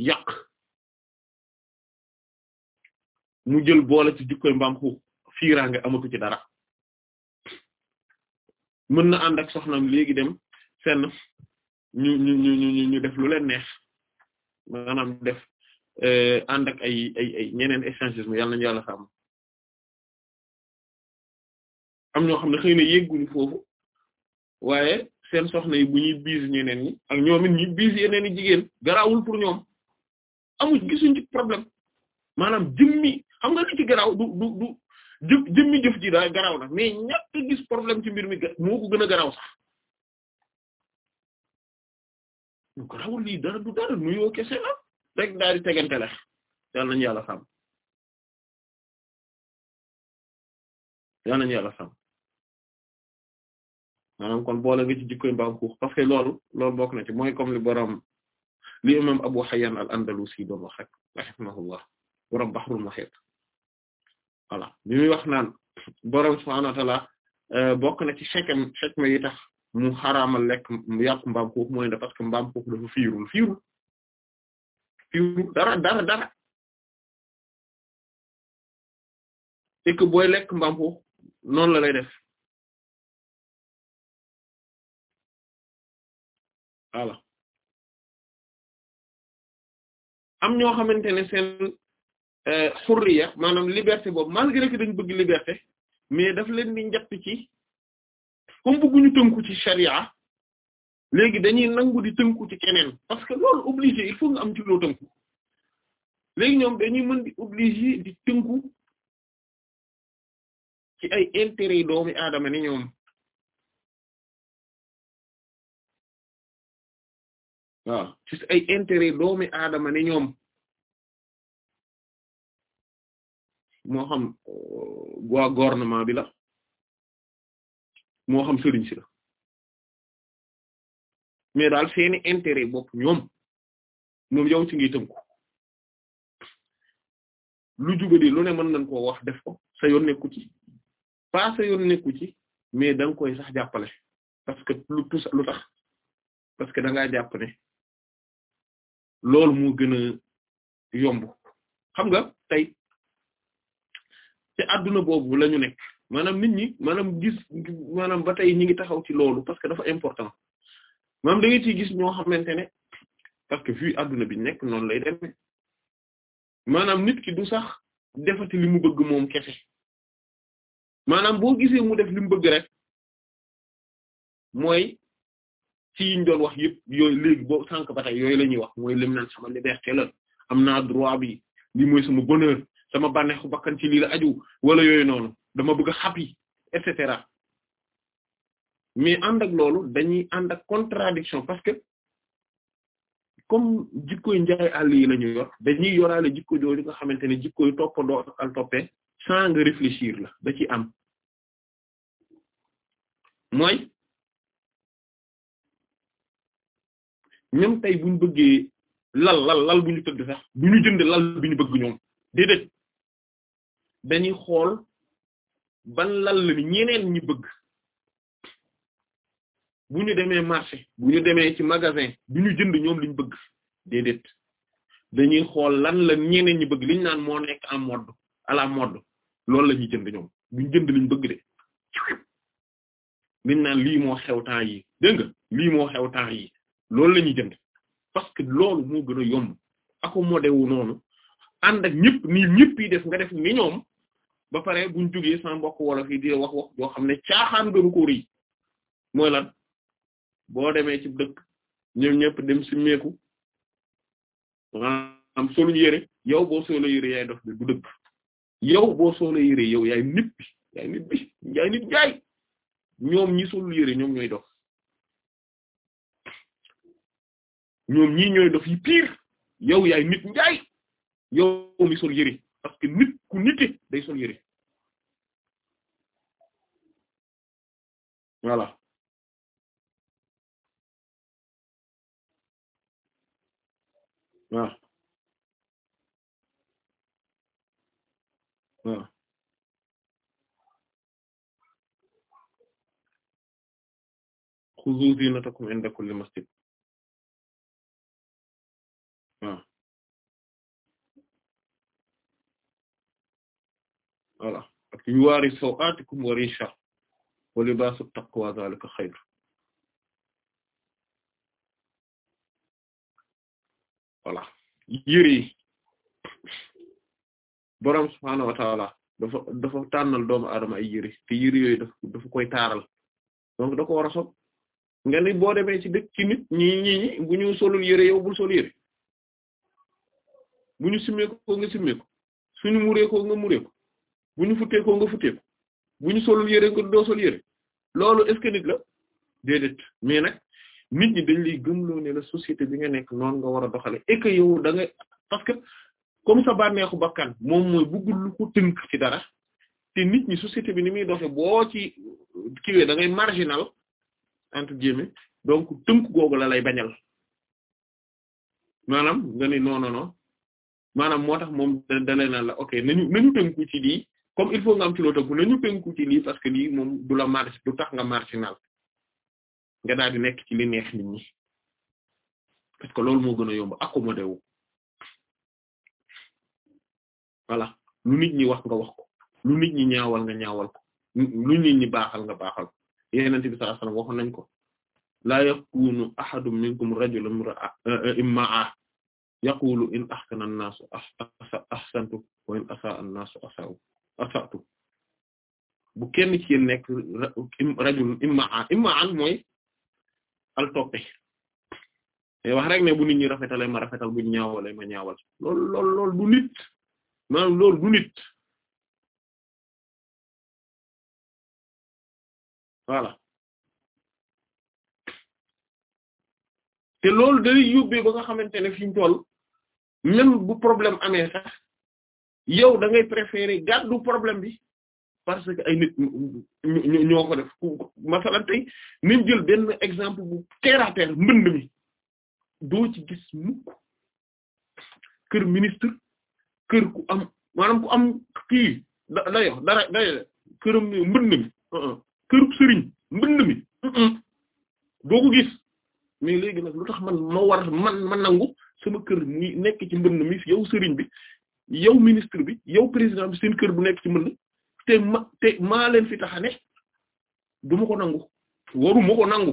yàq mu jël boole ci jikkoy mbaam xuux fiiraange amatu ci dara mën na ànd soxna soxnaam léegi dem fenn ñu ñu ñu ñu ñu def lu leen neex maanaam def euh, ànd ak ay ay ay ñeneen échanges mu yàlla nañu yàlla sàmm am ñoo xam ne xëy na yegguñu foofu waaye sen soxna yi bu ñuy biis ñeneen ñi ak ñoom it ñuy biis yeneen i jigéen garaawul pour ñoom amuñ gisuñ ci problème maanaam jëmmi xam nga li ci garaaw du du du jë jëmmi daal garaaw na mais ñàkk gis problème ci mbir mi moo ko gën a garaaw sax lu garaawul lii dara du dara nuyoo kese la rek daal di tegante la yàlla nañu yàlla sàmm yàlla nañu yàlla sàmm maanaam kon boole nga ci jikkoy mbaam xuux parce que loolu loolu bokk mooy comme li borom li imam Abu Hayyan al-Andalusi doon wax rek rahimahullah borom Bahrul Muhit voilà bi muy wax naan borom subhaanahu wa ta'aala euh, bokk na ci xekam xekma tax mu xaraamal lekk mu yàpp mbaam xuux mooy ne parce que mbaam xuux dafa fiirul fiirul fiirul dara dara dara et que booy lekk mbaam xuux la lay def voilà am ñoo xamante ne seen euh, xurriya maanaam liberté boobu malgré que dañ bëgg liberté mais daf leen di njàpp ci comme bëgguñu tënku ci charia léegi dañuy nangu di tënku ci keneen parce que loolu obligé il faut nga am ci loo léegi ñoom dañuy mën di obligé di tënku ci ay intérêts yi adama aadama ni ñoom waaw ci ay intérêt doomi aadama ne ñoom moo xam euh, waa gouvernement bi la moo xam sëriñ mais daal seeni intérêt bokk ñoom moom yow ci ngi tënku lu jubadi lu ne mën nañ koo wax def ko sa yoon nekku ci pas sa mais da koy sax jàppale parce que lu lu tax parce que da ngaa jàpp loolu moo gën a yomb xam nga tey ci adduna boobu lañu ñu nekk maanaam nit ñi maanaam gis maanaam ba tey ñi ngi taxaw ci loolu parce que dafa important maanaam da nga ciy gis ñoo xamante ne parce que vu adduna bi nekk noonu lay demee maanaam nit ki du sax defati li mu bëgg moom kese maanaam boo gisee mu def li bëgg rek mooy ci yiñ doon wax yëpp yooyu léegi boo sànq ba tey yooyu lañuy wax mooy lim naan sama liberté la am naa droit bi lii mooy sama bonheur sama bànneexu bakkan ci lii la aju wala yooyu noonu dama bëgg a happy et cetera mais ànd ak loolu dañuy ànd ak contradiction parce que comme jikkoy njaay àll yi la ñu yor dañuy yoraale jikko jooju nga xamante ne jikkoy toppandoo ak al toppee sans réfléchir la da am mooy même tey bu ñu bëggee lal lal lal bu ñu tëdd sax bu ñu jënd lal ñu bëgg ñoom déedéet dañuy xool ban lal la ñeneen ñi bëgg bu ñu demee marché bu ñu demee ci magasin bu ñu jënd ñoom liñ bëgg déedéet dañuy xool lan la ñeneen ñi bëgg liñ naan moo nekk en mode à la mode loolu la ñuy jënd ñoom buñ jënd liñ bëgg de liñ naan lii moo xew temps yi dégg lii moo xew temps yi loolu la ñuy jënd parce que loolu moo gën a yomb accommodé wu noonu ànd ak ñëpp ni ñëpp yi def nga def ni ñoom ba pare buñ jóge sama mbokk wolof di wax wax boo xam ne caaxaan gënu ko rëy mooy lan boo demee ci dëkk ñoom ñëpp dem si meeku am solu yére yow boo solo yére yaay yow boo solo yére yow yay nit bi yaay nit bi jaay ñoom ñi solu yére ñoom ñooy dof ñoom ñii ñooy dof yi pire yow yaay nit njaay yow mi sol yëre parce que nit ku nite day sol yëre voilà waaw waaw xuzu zinatakum inda kulli masjid voilà ak yuwaari sawatikum wa dafa dafa tànnal doomu aadama ay yëri te yëri yooyu dafa koy taaral donc da ko war a sopp nga ni boo demee ci dëkk ci nit ñi ñi ñi bu ñu solul yëre bul sol yëre bu ñu ko nga simmee ko suñu nga muree bu ñu futteekoo nga futteeku bu ñu solul yére ko doo sol yére loolu est la déedéet mais nag nit ñi dañ lay gëmloo ne la société bi nga nekk noonu nga war a doxale et que yow da nga parce que comme sa bànneexu bakkan moom mooy bëggul lu ko tënk ci dara te nit ñi société bi ni muy doxe boo ci kiwee da ngay marginal entre guillemets donc tënk googu la lay bañal maanaam nga ni non non non maanaam moo tax moom dalee na la ok nañu nañu tënku ci di comme il faut nga am ci loo tënku nañu penku parce que du la marginal nga daal di nekk ci neex nit ñi parce que loolu moo gën a yomb accommodé wu voilà lu nit ñi wax nga wax ko lu nit ñi ñaawal nga ñaawal ko lu nit ñi baaxal nga baaxal ko yonent bi sallallahu alayhi wasallam waxoon nañ ko laa yakunu ahadun minkum rajulun eh, eh, imma'a yaqulu in ahsana an-nasu ahsantu wa in asa'a an-nasu asa'u asartu bu kenn ci yéen nekk rajul imma imma an mooy al toppe wax rek ne bu nit ñi rafetalee ma rafetal bu ñu ma ñaawal loolu loolu du nit maanaam loolu du nit voilà te loolu day yóbbee ba nga xamante ne fi ñu toll bu problème amee sax yow da ngay préférer gàddu problème bi parce que ay nit ñoo ko def masalan tey jël benn exemple bu terre à terre mi doo ci gis mukk kër ministre kër ku am maanaam ku am kii dayo dara dayo këram mbënd mi uh-uh, kër sëriñ mbënd mi uh-uh, doo ko gis mais léegi nag lu tax man ma war man ma nangu sama kër muy nekk ci mbënd mi yow sëriñ bi yow ministre bi yow président bi seen kër bu nekk ci mën te ma te maa leen fi tax du ma ko nangu waru ma ko nangu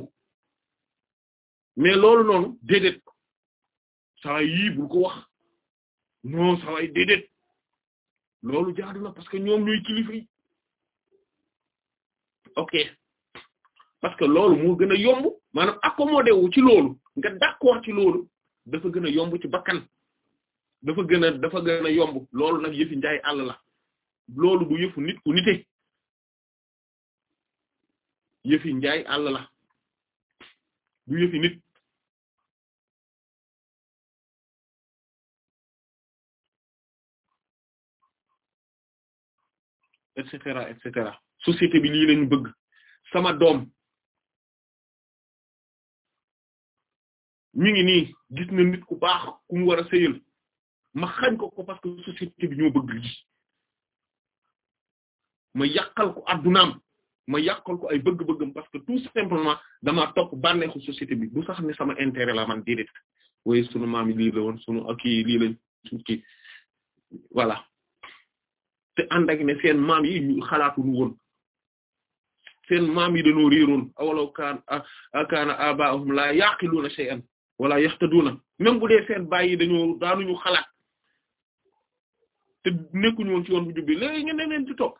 mais loolu noonu déedéet saa yii bul ko wax non saa yi loolu jaadu na parce que ñoom ñooy kilifa yi ok parce que loolu moo gën a yomb maanaam accommodé wu ci loolu nga d'accord ci loolu dafa gën a yomb ci bakkan dafa gën dafa gën yomb loolu nag yëfi njaay àll la loolu du nit ku nite yëfi njaay àll la du yëfi nit et cetera société bi lii lañu bëgg sama doom mi ngi nii na nit ku baax ku mu war a sëyal ma xañ ko ko parce que société bi bëgg ma yàqal ko addunaam ma yàqal ko ay bëgg-bëggam parce que tout simplement damaa topp bànneexu société bi bu sax ne sama intérêt la man déedéet waaye sunu maam yi lii la woon sunu ak yi lii la suuf ki voilà te ànd ak ne seen maam yi ñu xalaatuñu woon seen maam yi dañoo réeroon awalaw kaana kaana abaahum laa yaqiluuna shay'an wala yaxtaduuna même bu dee seen baay te nekkuñu woon ci yoon bu jub bi léegi ngeen ne leen di topp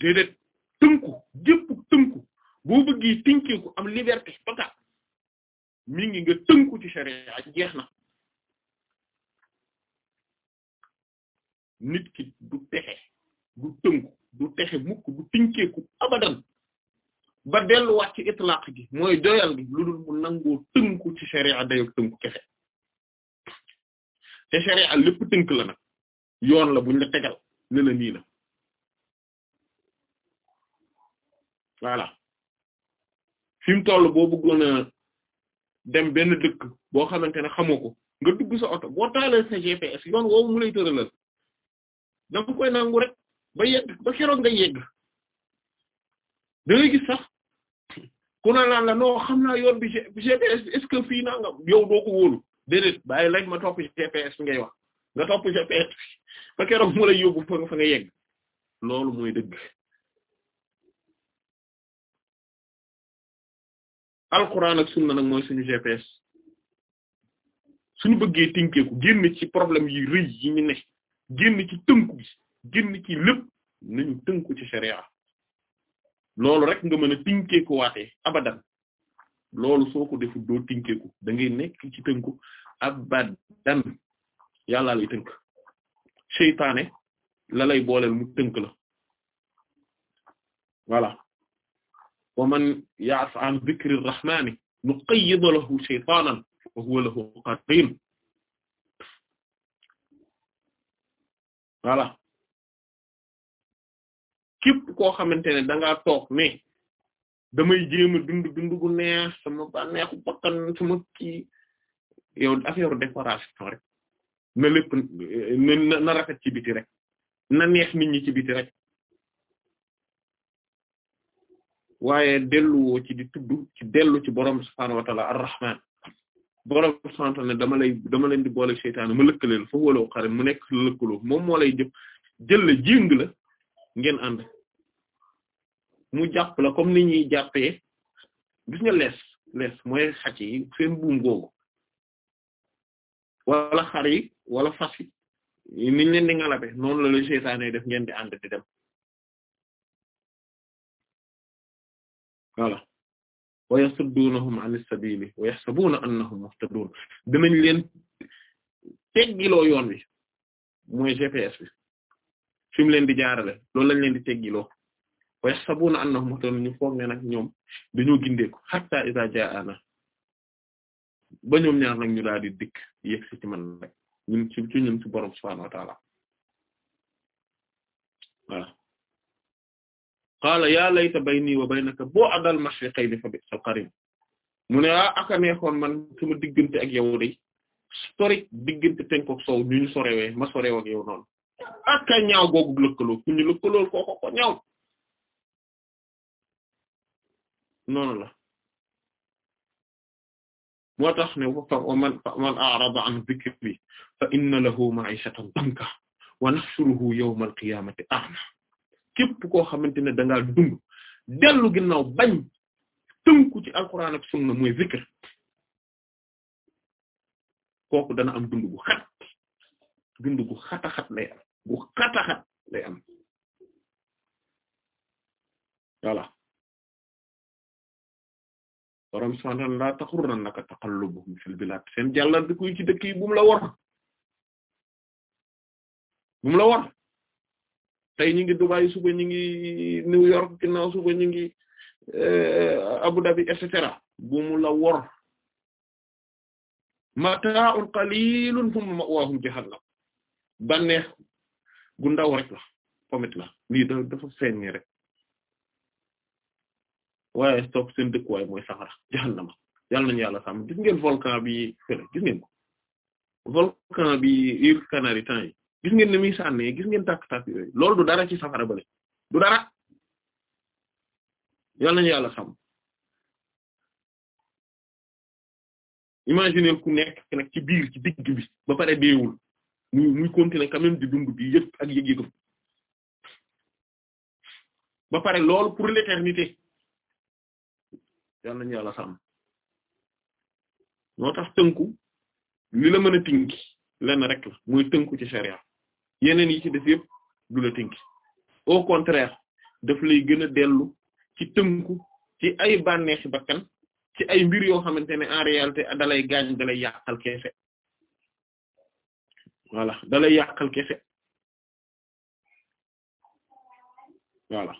déedéet tënku jëpp tënku boo bëggee tënkeeku am liberté totale mi ngi nga tënku ci charia jeex na nit ki du texe du tënku du texe mukk du tënkeeku abadan ba delluwaat ci itlaq gi mooy doyal gi lu dul mu nangoo tënku ci charia dayo tënku kexe te sharia lépp tënk la nag yoon la buñ la tegal ne la nii la voilà fi boo bëggoon a dem benn dëkk boo xamante ne xamoo ko nga dugg sa oto boo taalee sa GPS yoon woowu mu lay tëralal da koy nangu rek ba yegg ba keroog nga yegg da gis sax ku ne naan la non xam naa yoon bi GPS est-ce que fii naa nga yow doo ko déedéet bàyyi lañ ma topp GPS ngay wax nga topp GPS bi ba keroog mu lay yóbbu fa nga yegg loolu mooy dëgg alxuraan ak sunna nag mooy suñu GPS suñu bëggee tinkeeku génn ci problème yi rëy yi ñu ne génn ci tënku bi ci lépp nañu tënku ci sharia loolu rek nga mën a tinkeeku waatee abadan loolu soo ko deful doo tinkeeku da ngay nekk ci tënku abadan yàlla lay tënk seytaane la lay booleel mu tënk la voilà wa ya'as an dhikri rahmaani nuqayyid lahu shaytaanan wa huwa lahu qarin voilà képp koo xamante ne da ngaa toog damay jéem a dund dund gu neex sama bànneexu bakkan sama kii yow affaire décoration rek na lépp na na rafet ci biti rek na neex nit ñi ci rek waaye delluwoo ci di tudd ci dellu ci borom subhaanahu wa ta'ala ar borom subhaanahu wa dama lay dama leen di boole seytaane ma lëkkaleel fa wala xare mu nekk lëkkaloo moom moo lay jëp jël la jéng la ngeen ànd mu jàpp la comme ni ñuy jàppee gis lees lees mooy xaj yi seen buum googu wala xar yi wala fas yi niñ leen di ngalabe noonu la la seytaane def ngeen di ànd di dem voilà wa yasuddunahum anis sabili wa yahsabuna annahum muhtadun dinañ leen gilo yoon wi mooy GPS bi fi leen di jaarale loolu lañ leen di teggiloo wa yahsabuna annahum muhtadun ñu foog ne nag ñoom dañoo gindeeku ba ñoom ñaar nag ñu daal dikk yegg si ci man rek ñun ci ci ñun ci borom subhaanahu wa ta'ala voilà qaala ya layta bayni wa baynaka bu'dal fa bi'sal qarin mu ne ah aka man sama diggante ak yow de sori diggante tenkook sow ñu ñu sorewee ma sorew ak yow noonu aka ñaaw googu lëkkaloo ku ñu lëkkaloo kooko ko ñaaw noonu la moo tax ne wa man man a'rada an dhikri fa inna lahu ma'ishatan danka wa nahshuruhu yawma al-qiyamati a'ma képp koo xamante ne da ngaa dund dellu ginnaaw bañ tënku ci alquran ak sunna mooy zikr kooku dana am dund gu xat dund gu xataxat lay am gu xataxat lay am voilà borom subhaanahu wa ta'aala laa taxurrannaka taqallubuhum fil bilaad seen jàllal di koy ci dëkk bu la war bu la war tey ñu ngi Dubaï suba ñu ngi New York ginnaaw suba ñu eh, Abu Dhabi et cetera bu la wor mata'un qalilun thumma ma'waahum jahannam banneex gu ndaw rek la pomit la lii da dafa feeñ rek waaye toog seen dëkkuwaay mooy safara jahannama yàlla nañu yàlla sàmm gis ngeen volcan bi fële gis ngeen ko bi îles Canaries temps yi gis ngeen ni muy sànnee gis ngeen tàkk-tàkk yooyu loolu du dara ci safara bële du dara yàlla nañu yàlla sàmm imaginer ku nekk nag ci biir ci digg bi ba pare deewul muy muy continuer quand di dund di yëg ak yëg-yëgam ba pare loolu pour l'éternité yàlla nañu yàlla sàmm moo tax tënku li la mën a rek muy tënku ci sharia yeneen yi ci def yëpp du la au contraire daf lay gën a dellu ci tënku ci ay bànneexi bakkan ci ay mbir yoo xamante ne en réalité dalay gaañ dalay yàqal keefe voilà dalay yàqal keefe voilà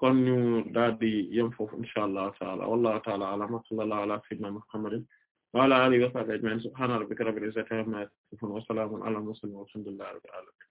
kon ñu daal di yem foofu insha allah taala wallahu taala alam wa sallallahu ala sayyidina muhammadin wa ala alihi wa sahbihi ajma'in subhana rabbika rabbil izzati amma yasifun wa salamun ala al mursalin walhamdulillahi rabbil alamin